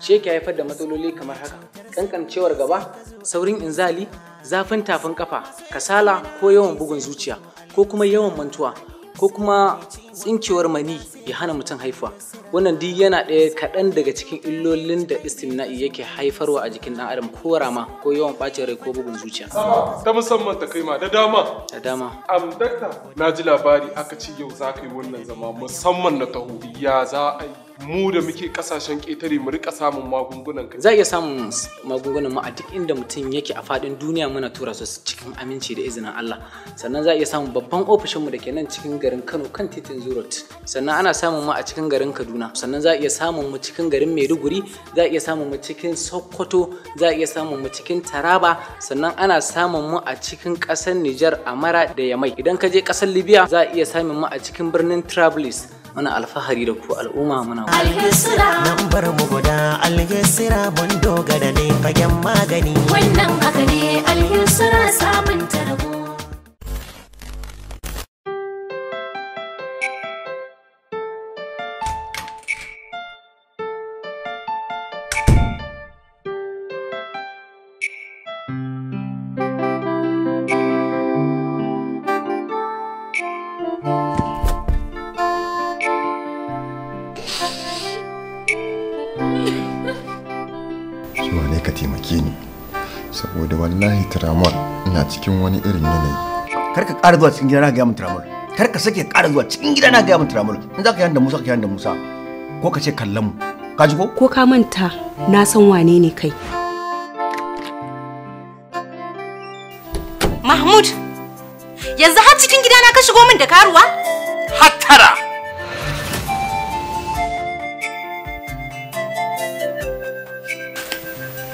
shi yake haifar da matsaloli kamar haka kankancewar gaba saurin inzali zafin tafin kafa kasala ko yawan bugun zuciya ko kuma yawan mantuwa ko kuma tsinkewar mani ya hana mutum haifuwa wannan duk yana ɗaya kaɗan daga cikin illolin da istimna'i yake haifarwa a jikin ɗan adam ko rama ko yawan ɓacin rai ko bugun zuciya ta musamman ta kai ma da dama da dama am na ji labari aka ce yau za ka yi wannan zama musamman na taho ya za a yi mu da muke kasashen ƙetare mu rika samun magungunan ka. Za iya samun magungunan mu a duk inda mutum yake a fadin duniya muna tura su cikin aminci da izinin Allah. Sannan za iya samun babban ofishin mu da ke nan cikin garin Kano kan titin Zurot. Sannan ana samun mu a cikin garin Kaduna. Sannan za iya samun mu cikin garin Maiduguri, za iya samun mu cikin Sokoto, za iya samun mu cikin Taraba, sannan ana samun mu a cikin ƙasar Nijar Amara da Yamai. Idan ka je ƙasar Libya za iya samun mu a cikin birnin Trablis. muna alfahari da ku al'umma muna nan bar mu guda alhisira mun dogara ne fagen magani wannan haka ne alhisira samun tarbo saboda wallahi tramol ina cikin wani irin yanayi kar ka ƙara zuwa cikin gidana ga gaya tramol kar ka sake ƙara zuwa cikin gidana ga mu tramol in za ka yi da musa ka yi da musa ko ka ce kallon mu ka ji ko ko ka manta na san wane ne kai Mahmud yanzu har cikin gidana ka shigo min da karuwa hattara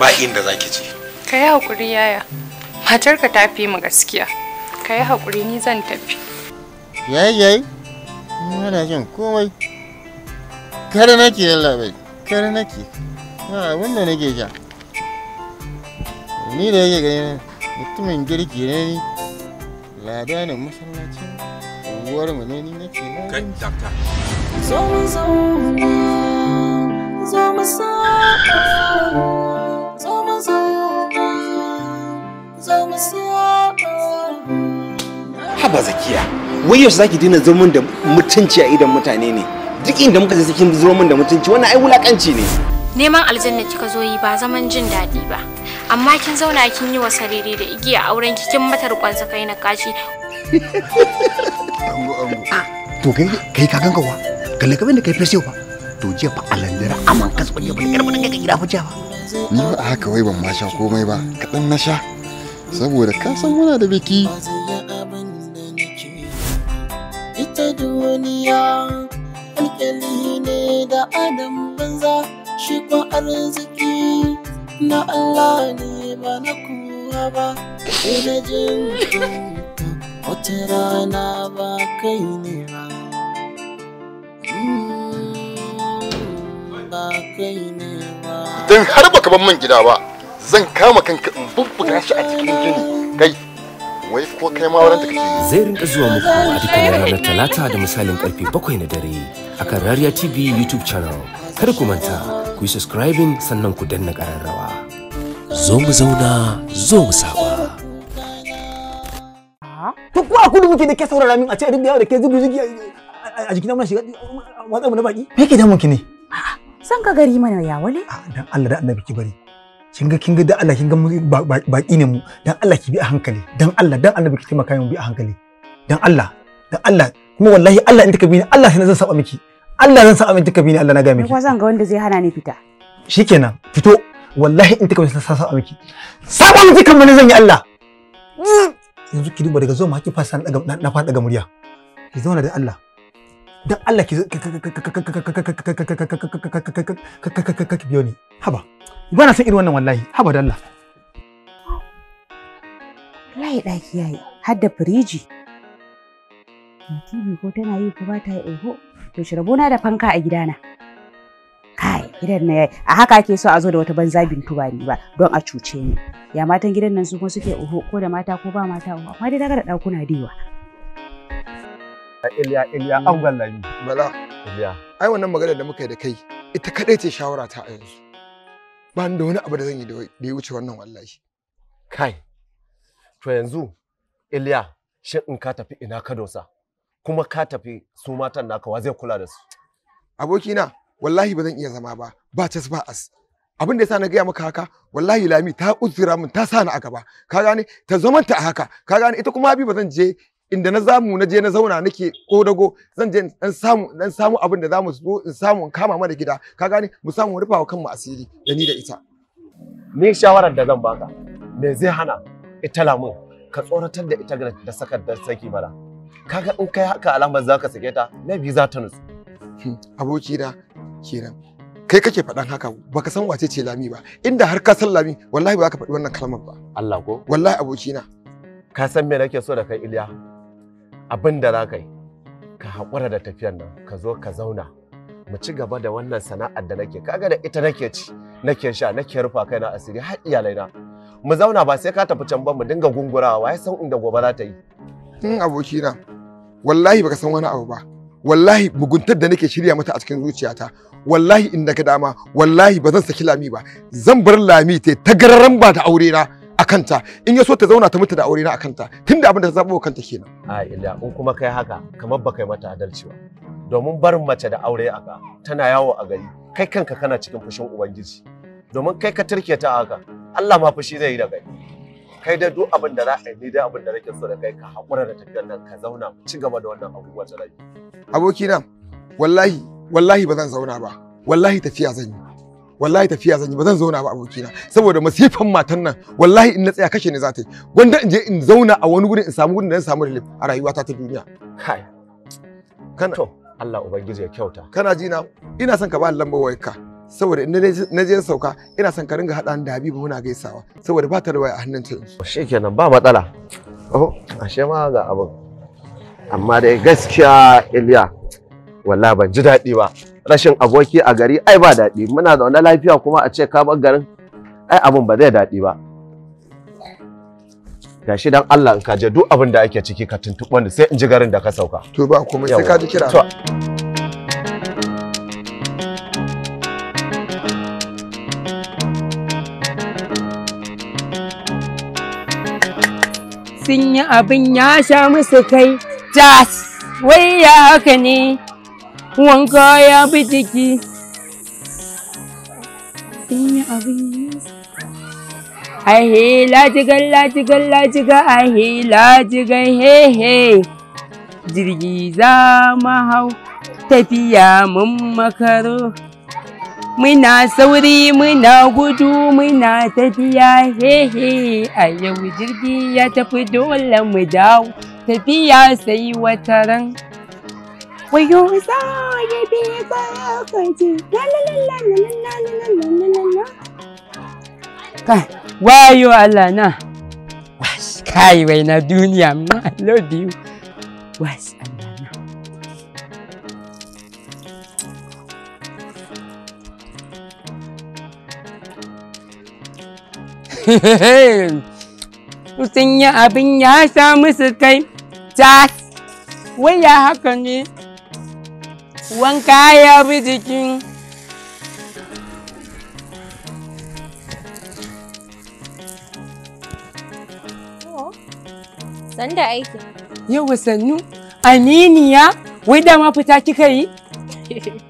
ba inda za ki je ka yi haƙuri yaya matarka ta fi mu gaskiya ka yi haƙuri ni zan tafi yayi yayi na jin komai kare nake bai kare nake na abin da nake ja ni da yake gani mutumin girki ne ni lada ne masallacin uwar mu ne ni nake na kai dakta zo mu mu zo mu sa'a ba zakiya wai yaushe zaki dina zurmin da mutunci a idan mutane ne duk inda muka je cikin zurmin da mutunci wannan ai wulakanci ne neman aljanna kika zo yi ba zaman jin daɗi ba amma kin zauna kin yi wa sarere da igiya auren ki kin matar kwansa kai na kashi to kai kai ka ganka wa kalle ka da kai fesi ba to jiya fa alandira aman ka tsoye ba karba da kai gida fa jiya ba ni ba haka wai ban ma sha komai ba kadan na sha saboda ka san muna da biki duniya alƙali ne da adam banza shi kwa arziki na Allah ne ba na kowa ba ina jin wata rana ba kai ne ba hmm, ba kai ne ba don har baka ban man gida ba zan kama kanka in bubbuga shi a cikin gini kai wai ko kai ma wurin take zai rinka zuwa muku a dukkanin ranar talata da misalin karfe bakwai na dare a akan Rariya TV YouTube channel kada ku manta ku yi subscribing sannan ku danna kararrawa zo mu zauna zo mu saba to ko aku da muke da ke saurara min a ce duk da da ke zubi zubi a jikin mun shiga watsa mu na baki me ke damun ki ne san ka gari mana ya wale dan Allah da annabi ki bari kin ga kin ga Allah kin ga mu baki ne mu dan Allah ki bi a hankali dan Allah dan Allah ki taimaka mu bi a hankali dan Allah dan Allah kuma wallahi Allah in taka bi ni Allah sai zan saba miki Allah zan saba miki taka bi ni Allah na ga miki ko zan ga wanda zai hana ni fita shikenan fito wallahi in taka bi sai saba miki saba miki kan mun zan yi Allah yanzu ki duba daga zo ma ki fasa na daga daga murya ki zauna da Allah don Allah ki ka biyo ni haba ba na san irin wannan wallahi haba da Allah wallahi ɗaki yayi har da firiji TV ko tana yi ko ba ta yi oho to shi na da fanka a gidana kai gidan na a haka ake so a zo da wata banza bintu ba ni ba don a cuce ni ya matan gidan nan su kuma suke oho ko da mata ko ba mata oho amma dai daga da ɗakuna da wa. Iliya Iliya mm. Lami. Bala. Iliya. Ai wannan magana da muka yi da kai ita kadai ce shawara ta a yanzu. Ba da wani abu da zan yi da ya wuce wannan wallahi. Kai. To yanzu Iliya shin in ka tafi ina ka dosa kuma ka tafi su matan naka wa zai kula da su. Abokina wallahi ba zan iya zama ba ba tas ba as. abin da yasa na gaya maka haka wallahi lami ta uzura min ta ni a gaba ka gane ta zaman ta a haka ka gane ita kuma habiba zan je inda na zamu na je na zauna nake ko dago zan je dan samu dan samu abin da zamu zo in samu in kama mana gida ka gane mu samu rufawa kanmu asiri da ni da ita ni shawarar da zan baka me zai hana ita lamun ka tsoratar da ita da sakar da saki bara kaga in kai haka alamar zaka sake ta na bi za ta nutsu hmm. aboki da kenan kai kake faɗan haka baka san wace ce lami ba inda har ka san lami wallahi ba ka faɗi wannan kalmar ba Allah ko wallahi abokina ka san me nake so da kai Iliya abin da za ka yi ka haƙura da tafiyan nan ka zo ka zauna mu ci gaba da wannan sana'ar da nake kaga da ita nake ci nake sha nake rufa kaina asiri har iyalai na mu zauna ba sai ka tafi can ba mu dinga gungurawa wai san inda gobe za ta yi in abokina wallahi baka san wani abu ba wallahi muguntar da nake shirya mata a cikin zuciyata wallahi in ka dama wallahi ba zan saki lami ba zan bar lami ta tagararan ba ta aure na kanta in ya so ta zauna ta mutu da aure na akanta tunda abin da ta zabo kanta kenan a illa in kuma kai haka kamar baka yi mata adalci ba domin barin mace da aure aka tana yawo a gari kai kanka kana cikin fushin ubangiji domin kai ka turke ta haka Allah ma fushi zai yi da kai kai da duk abin da za a yi ni da abin da nake so da kai ka haƙura da tafiyar nan ka zauna ci gaba da wannan abubuwa ta rayu abokina wallahi wallahi ba zan zauna ba wallahi tafiya zan yi wallahi tafiya zan yi ba zan zauna ba abokina saboda masifan matan nan wallahi in na tsaya kashe ne za ta yi gwanda in je in zauna a wani gurin in samu gurin da zan samu relief a rayuwata ta duniya kai kana to Allah ubangiji ya kyauta kana ji na ina son ka ba lambar wayarka saboda in na je sauka ina son ka ringa hada da Habibu muna gaisawa saboda ba ta da waya a hannun ta yanzu shikenan ba matsala oh ashe ma ga abin amma dai gaskiya Iliya wallahi ban ji daɗi ba rashin aboki a gari ai ba daɗi muna zaune lafiya kuma a ce ka bar garin ai abin ba zai daɗi ba gashi dan Allah in ka je duk abin da ake ciki ka tuntuɓi wanda sai in ji garin da ka sauka to ba kuma sai ka ji kira sun yi abin ya sha musu kai jas wai ya haka ne wanka ya fi jiki sun yi abin ahe lajigan lajigan lajiga ahe he-he. jirgi za mu hau tafiya mun makaro muna sauri muna gudu muna tafiya he a yau jirgi ya tafi dole mu dawo tafiya sai wataran ran wayo za na kai duniya I yi abin ya sa musu kai, tas, haka ne. wanka ya bi jikin oh, Sanda aiki. Yau sannu, aminiya, wai ma fita kika yi?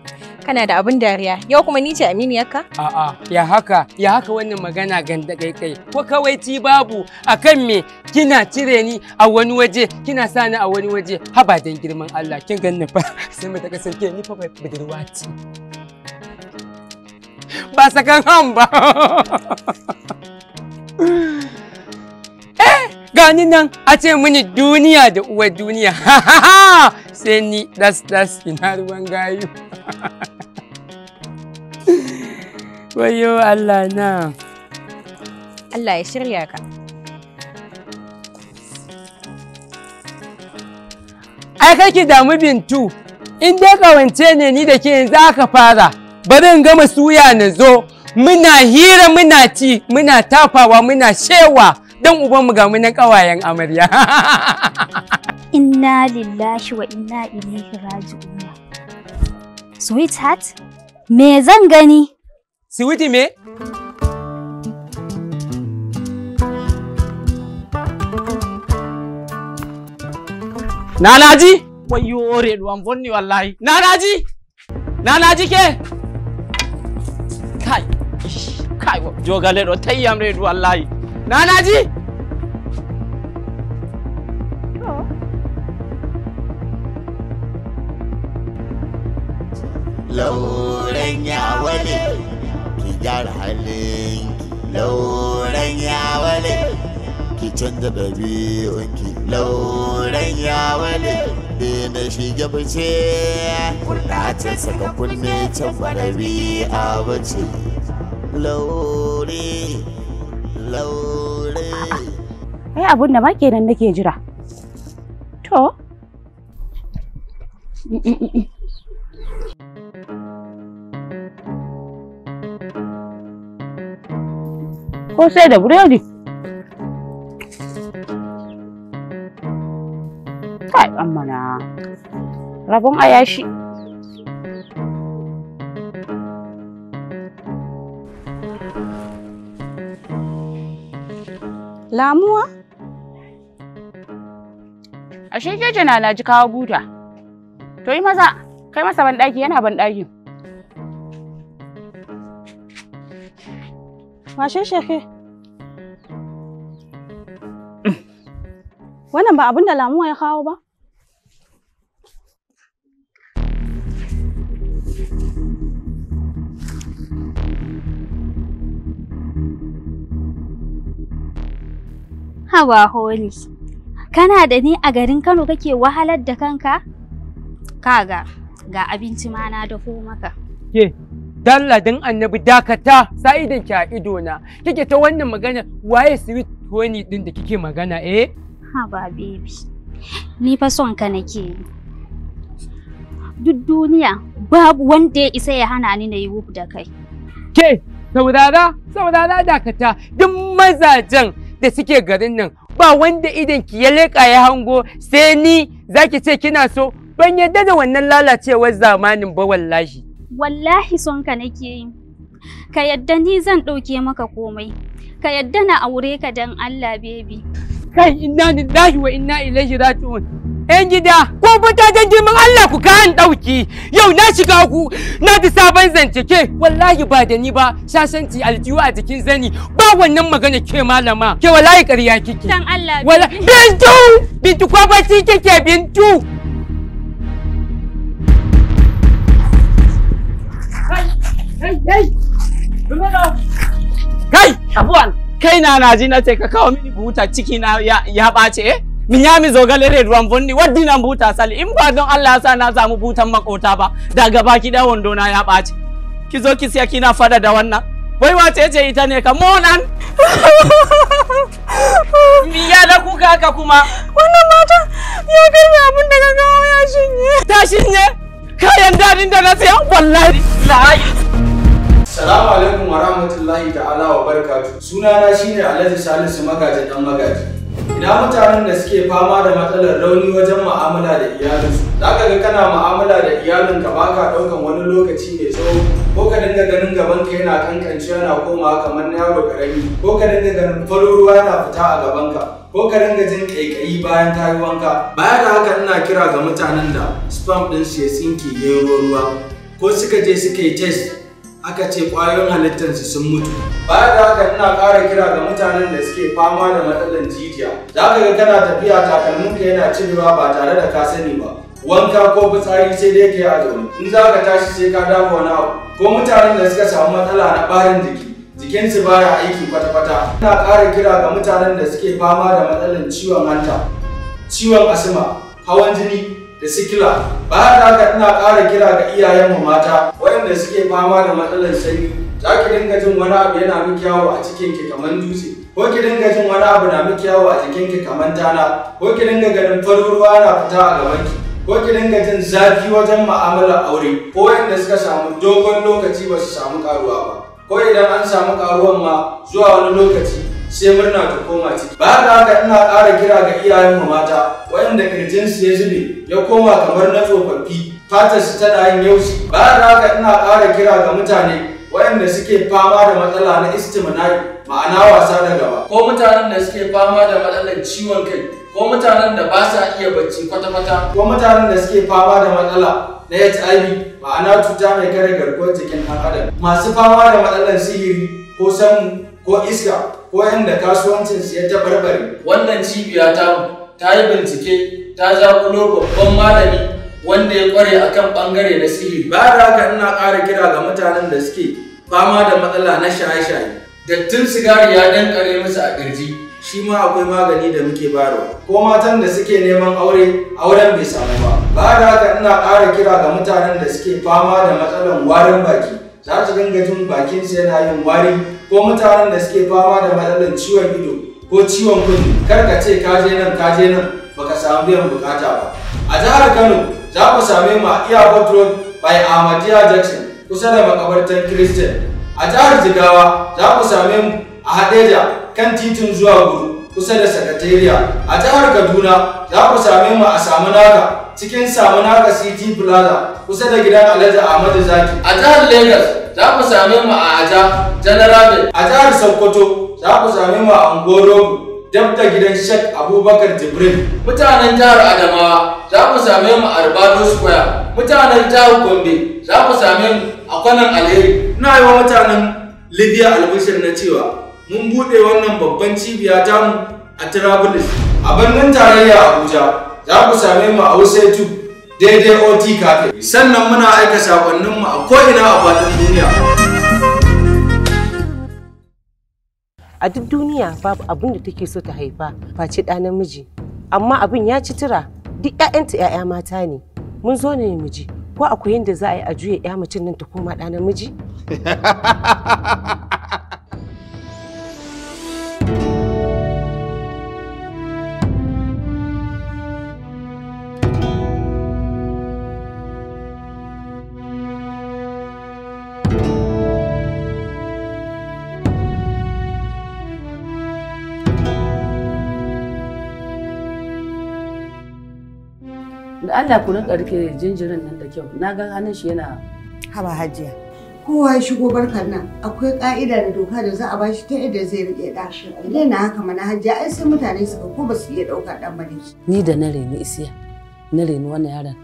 kana da abin dariya yau kuma ni ce aminiyarka? A'a ya haka ya haka wannan magana ganda kai kai ko kawai ci babu akan me kina cire ni a wani waje kina sa ni a wani waje haba dan girman Allah kin ganni fa sai mu ta sarki ni fa budurwa ci. Ba sakan han ba. Eh, gani nan a ce mini duniya da uwar duniya sai ni das das ina ruwan gayu wayo Allah na Allah ya shirya ka ai kake damu bintu in dai kawance ne ni da ke za ka fara bari in gama suya na zo muna hira muna ci muna tafawa muna shewa don ubanmu ga munan ƙawayen amarya inna lillahi wa inna ilaihi raji'un sweetheart Me zan gani? Siwiti me? Nanaji! ore ruwan bonni wallahi. Nanaji! Nanaji ke! Kai! Kai! Jogale do tayyam redu wallahi. Nanaji! lauren ya wale ki gyara halin lauren ya wale ki canza ki lauren ya wale na shige fice kurna ce saka kunne can ba a bace laure laure ai abun da ma kenan nake jira to mm, mm, mm, ko sai da burodi kai amana rabon ayashi lamuwa ashe jeje na ji kawo buta to yi maza kai masa banɗaki yana banɗakin Washe sheke. Wannan ba abin da lamuwa ya kawo ba? Hawa holi, kana da ni a garin Kano kake wahalar da kanka? Kaga, ga abinci ma na dafo maka. Ke, dalla dan annabi dakata idan ki a ido na kike ta wannan magana waye sweet honey din da kike magana eh ha ba baby ni fa son ka nake duk duniya babu wanda ya isa ya hana ni na yi wuf da kai ke saurara saurara dakata duk mazajen da suke garin nan ba wanda idan ki ya leka ya hango sai ni zaki ce kina so ban yadda da wannan lalacewar zamanin ba wallahi wallahi son ka nake yi ka yadda ni zan ɗauke maka komai ka yadda na aure ka dan Allah baby kai inna lillahi wa inna ilaihi raji'un Ƴan gida ko fita dan girman Allah ku kayan ɗauki yau na shiga ku na ji sabon zanceke wallahi ba da ni ba shashanci aljihu a jikin zani ba wannan magana ke malama ke wallahi ƙarya kike dan Allah bintu bintu kwabati kike bintu Kai, abuwan, kai na naji na ce ka kawo mini buta ciki na ya ɓace eh? Min ya mi zogale re ruwan bunni waddi nan buta sali in ba don Allah ya sa na samu butan makota ba da gaba ki da wando na ya ɓace. Ki zo ki siya kina fada da wannan. Wai wace ce ita ne ka monan? Mi ya da kuka haka kuma? Wannan mata ya kai abun daga da kawo ya shinye. Ta shinye? Kayan dadin da na siya wallahi. Lahayi. Salamu alaikum wa rahmatullahi ta'ala wa barakatu. Sunana shine Alhaji Salisu Magaji dan Magaji. Ina mutanen da suke fama da matsalar rauni wajen mu'amala da iyalinsu. Za ka ga kana mu'amala da iyalinka ba ka ɗaukan wani lokaci mai tsawo ko ka dinga ganin gaban ka yana kankance yana komawa kamar na yaro karami ko ka dinga ganin farin ruwa yana fita a gabanka. ko ka dinga jin kaikayi bayan ta yi wanka baya da haka ina kira ga mutanen da spam ɗin su ya tsinke ruwa ko suka je suka yi test aka ce ƙwayoyin halittarsu sun mutu. Baya da haka ina ƙara kira ga mutanen da suke fama da matsalar jijiya. Za ka ga kana tafiya takalminka yana cirewa ba tare da ka sani ba. Wanka ko fitsari sai dai ka yi a zaune. In za ka tashi sai ka dafa wani abu. Ko mutanen da suka samu matsala na ɓarin jiki. Jikinsu baya aiki kwata-kwata. Ina ƙara kira ga mutanen da suke fama da matsalar ciwon hanta, ciwon asima, hawan jini, da sikila ba haka ina ƙara kira ga iyayen mu mata waɗanda suke fama da matsalar sanyi za ki dinga jin wani abu yana miki yawo a cikin ki kamar dutse ko ki dinga jin wani abu na miki yawo a jikin ki kamar tana ko ki dinga ganin farin na fita a gaban ki ko ki dinga jin zafi wajen mu'amalar aure ko waɗanda suka samu dogon lokaci ba su samu karuwa ba ko idan an samu karuwan ma zuwa wani lokaci sai murna ta koma ciki ba da haka ina ƙara kira ga iyayen mu mata waɗanda kirjinsu ya zube ya koma kamar na tsofaffi fatar su tana yin yaushi ba da haka ina ƙara kira ga mutane waɗanda suke fama da matsala na istimnai ma'ana wasa da gaba ko mutanen da suke fama da matsalar ciwon kai ko mutanen da ba sa iya bacci kwata-kwata ko mutanen da suke fama da matsala na HIV ma'ana cuta mai kare garkuwar jikin ɗan adam masu fama da matsalar sihiri ko samu ko iska da kasuwancin su ya tabarbare. Wannan cibiya ta ta yi bincike ta zakulo babban malami wanda ya kware akan bangare na sihiri. Bayan haka ina ƙara kira ga mutanen da suke fama da matsala na shaye-shaye. Dattin sigari ya dankare musu a ƙirji. shi ma akwai magani da muke bayarwa ko matan da suke neman aure auren bai samu ba ba da haka ina ƙara kira ga mutanen da suke fama da matsalan warin baki za su dinga jin bakinsu yana yin wari ko mutanen da suke fama da matsalar ciwon ido ko ciwon kudi kar ka ce ka je nan ka je nan baka samu biyan bukata ba a jihar Kano za ku same mu a Airport Road by Ahmadiyya Jackson kusa da makabartar Christian a jihar Jigawa za ku same mu a Hadeja kan titin zuwa Guru kusa da sakatariya a jihar Kaduna za ku same mu a Samunaka cikin Samunaka City Plaza kusa da gidan Alhaji Ahmadu Zaki a jihar Lagos za ku same mu a aja general a jihar sokoto za ku same mu a angorogu dab da gidan shek abubakar jibril mutanen jihar adamawa za ku same mu a ribado square mutanen jihar gombe za ku same mu a kwanan alheri na yi wa mutanen libya albishir na cewa mun buɗe wannan babban cibiya tamu a tirabulis a birnin tarayya abuja za ku same mu a wuse daidai ot cafe sannan muna aika sakonninmu a ko'ina a fatan duniya a duk duniya babu abin da take so ta haifa face ɗa namiji amma abin ya ci tura duk 'ya'yanta 'ya'ya mata ne mun zo ne miji ko akwai yadda za a yi a juya 'ya mutum nan ta koma ɗa namiji da Allah ku rinka rike jinjirin nan da kyau na ga hannun shi yana haba hajiya kowa ya shigo barkar nan akwai ka'ida da doka da za a bashi ta yadda zai rike dashi shi idan na haka mana hajiya ai sai mutane suka ko ba su iya dauka dan bane ni da na reni isiya na reni wannan yaran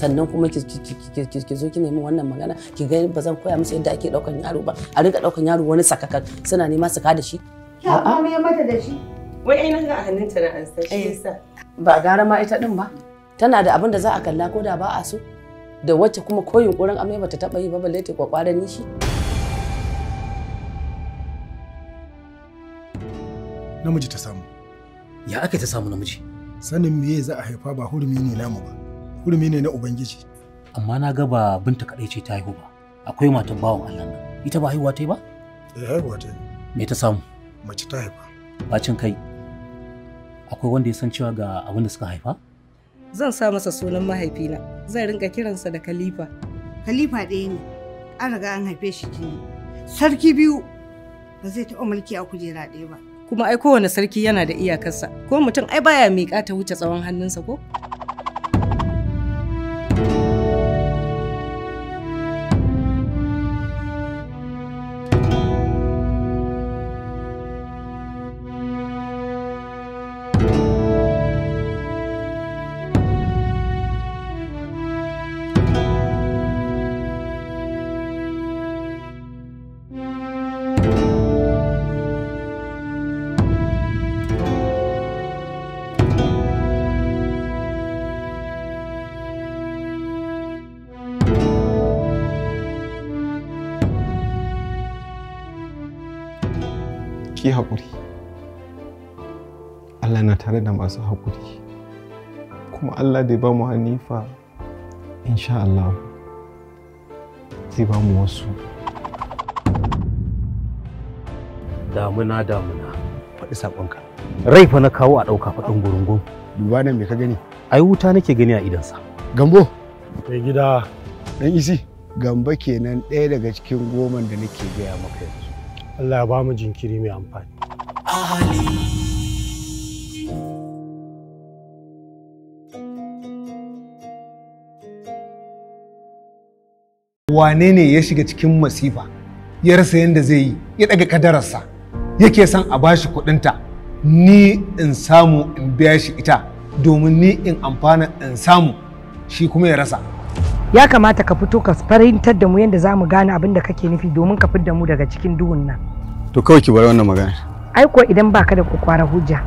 sannan kuma ki zo ki nemi wannan magana ki ga ba zan koya musu yadda ake daukan yaro ba a rinka daukan yaro wani sakakan suna nema su ka da shi ya mata da shi wai ai na ga a hannunta na an san shi eh. yasa ba gara ma ita din ba tana da abin da za a kalla ko da ba a so da wacce kuma ko yunkurin amai bata taba yi ba balle ta kwakwaran nishi namiji ta samu ya aka ta samu namiji sanin meye za a haifa ba hurumi ne namu ba hurumi ne na ubangiji amma na ga ba binta kadai ce ta haihu ba akwai matan bawan Allah nan ita ba haihuwa ta ba eh haihuwa ta me ta samu mace ta haifa bacin kai akwai wanda ya san cewa ga abin da suka haifa zan sa masa sunan mahaifina zan rinka kiransa da khalifa khalifa ɗaya ne an riga an haife shi sarki biyu ba zai taɓa mulki a kujera ɗaya ba kuma ai kowane sarki yana da iyakarsa ko mutum ai baya miƙa ta wuce tsawon hannunsa ko haƙuri Allah na tare da masu haƙuri kuma Allah da ba mu hanifa insha Allah zai ba mu wasu damuna damuna faɗi saƙonka rai fa na kawo a ɗauka faɗin gurungun duba nan me ka gani ai wuta nake gani a idansa gambo kai gida dan isi gamba kenan ɗaya daga cikin goman da nake gaya maka yanzu Allah ya ba mu jinkiri mai amfani. Wane ne ya shiga cikin masifa, ya rasa yadda zai yi, ya daga kadararsa, yake son a bashi kuɗinta, ni in samu in biya shi ita, domin ni in amfana in samu, shi kuma ya rasa. ya kamata ka fito ka farintar da mu yadda za mu gane abin da kake nufi domin ka fidda mu daga cikin duhun nan to kawai ki bar wannan magana ai ko idan baka da kwakwara hujja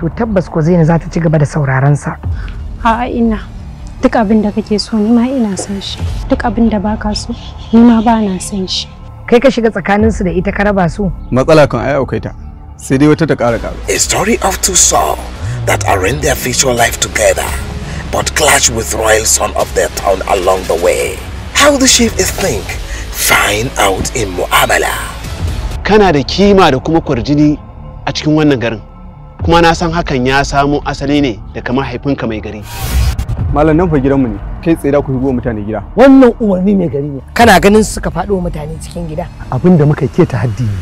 to tabbas ko zai za ta ci gaba da sauraron sa a'a ina duk abin da kake so ni ma ina son shi duk abin da baka so ni ma ba na son shi kai ka shiga tsakanin su da ita ka raba su matsala kan ai ta, sai dai wata ta ƙara ƙara a story of two souls that are in their future life together but clash with royal son of their town along the way. How the chief is think, find out in mu'amala. Kana da kima da kuma kwarjini a cikin wannan garin, kuma na san hakan ya samo asali ne daga mahaifinka mai gari. Malam nan fa gidanmu ne, kai tsaye da ku shigo mutane gida. Wannan umarni mai gari ne. Kana ganin suka faɗo mutane cikin gida. Abin da muka ke ta haddi ne.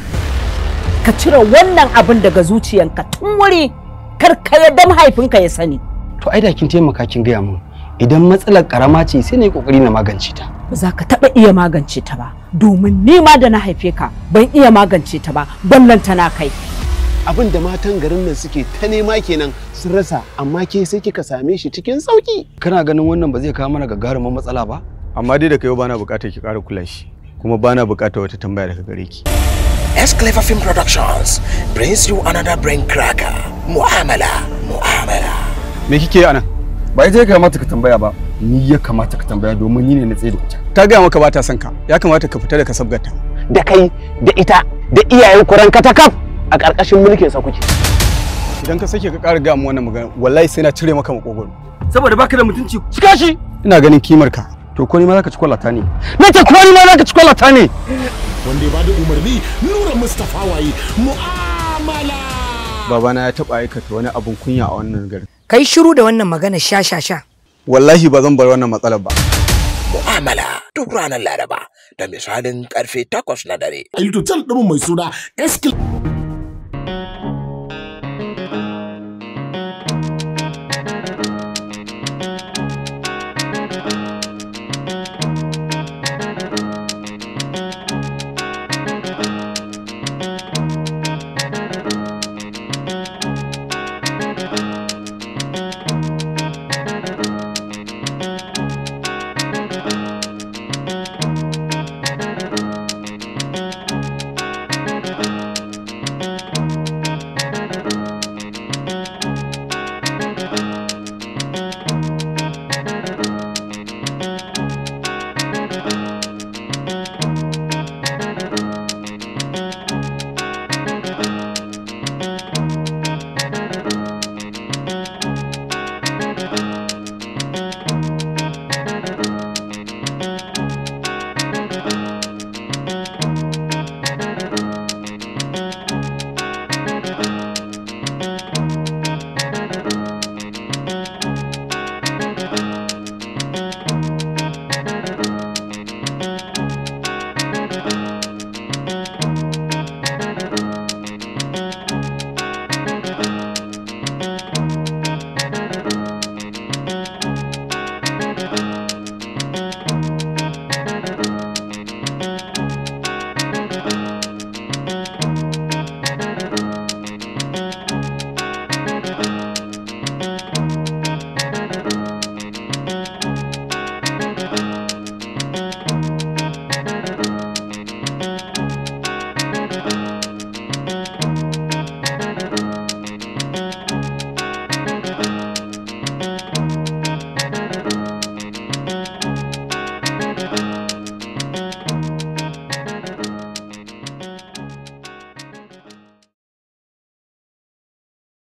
Ka cire wannan abin daga zuciyanka tun wuri kar ka yarda mahaifinka ya sani. to ai da kin taimaka kin gaya mun idan matsalar karama ce sai na yi kokari na magance ta ba za ka taba iya magance ta ba domin ni ma da na haife ka ban iya magance ta ba ta na kai abin da matan garin nan suke ta nema kenan sun rasa amma ke sai kika same shi cikin sauki kana ganin wannan ba zai kawo mana gagarumin matsala ba amma dai da kai bana bukatar ki ƙara kula shi kuma bana bukatar wata tambaya daga gare ki S Clever Film Productions brings you another brain cracker mu'amala mu'amala me kike a nan ba ita ya kamata ka tambaya ba ni ya kamata ka tambaya domin ni ne na tsaye da ita ta gaya maka ba ta son ka ya kamata ka fita daga sabgarta da kai da ita da iyayen kuran ka ta kaf a ƙarƙashin mulkin sa kuke idan ka sake ka ƙara ga mu wannan magana wallahi sai na cire maka makogoro saboda baka da mutunci cika shi ina ganin kimar ka to ko ni ma zaka ci kwalata ne ta ko ni ma zaka ci kwalata ne wanda ya bada umarni nura mustafa waye mu'amala babana ya taɓa aikata wani abun kunya a wannan garin kai shiru da wannan magana sha sha sha wallahi ba zan bar wannan matsalar ba mu'amala duk ranar laraba da misalin karfe takwas na dare a youtube channel ɗinmu mai suna eskil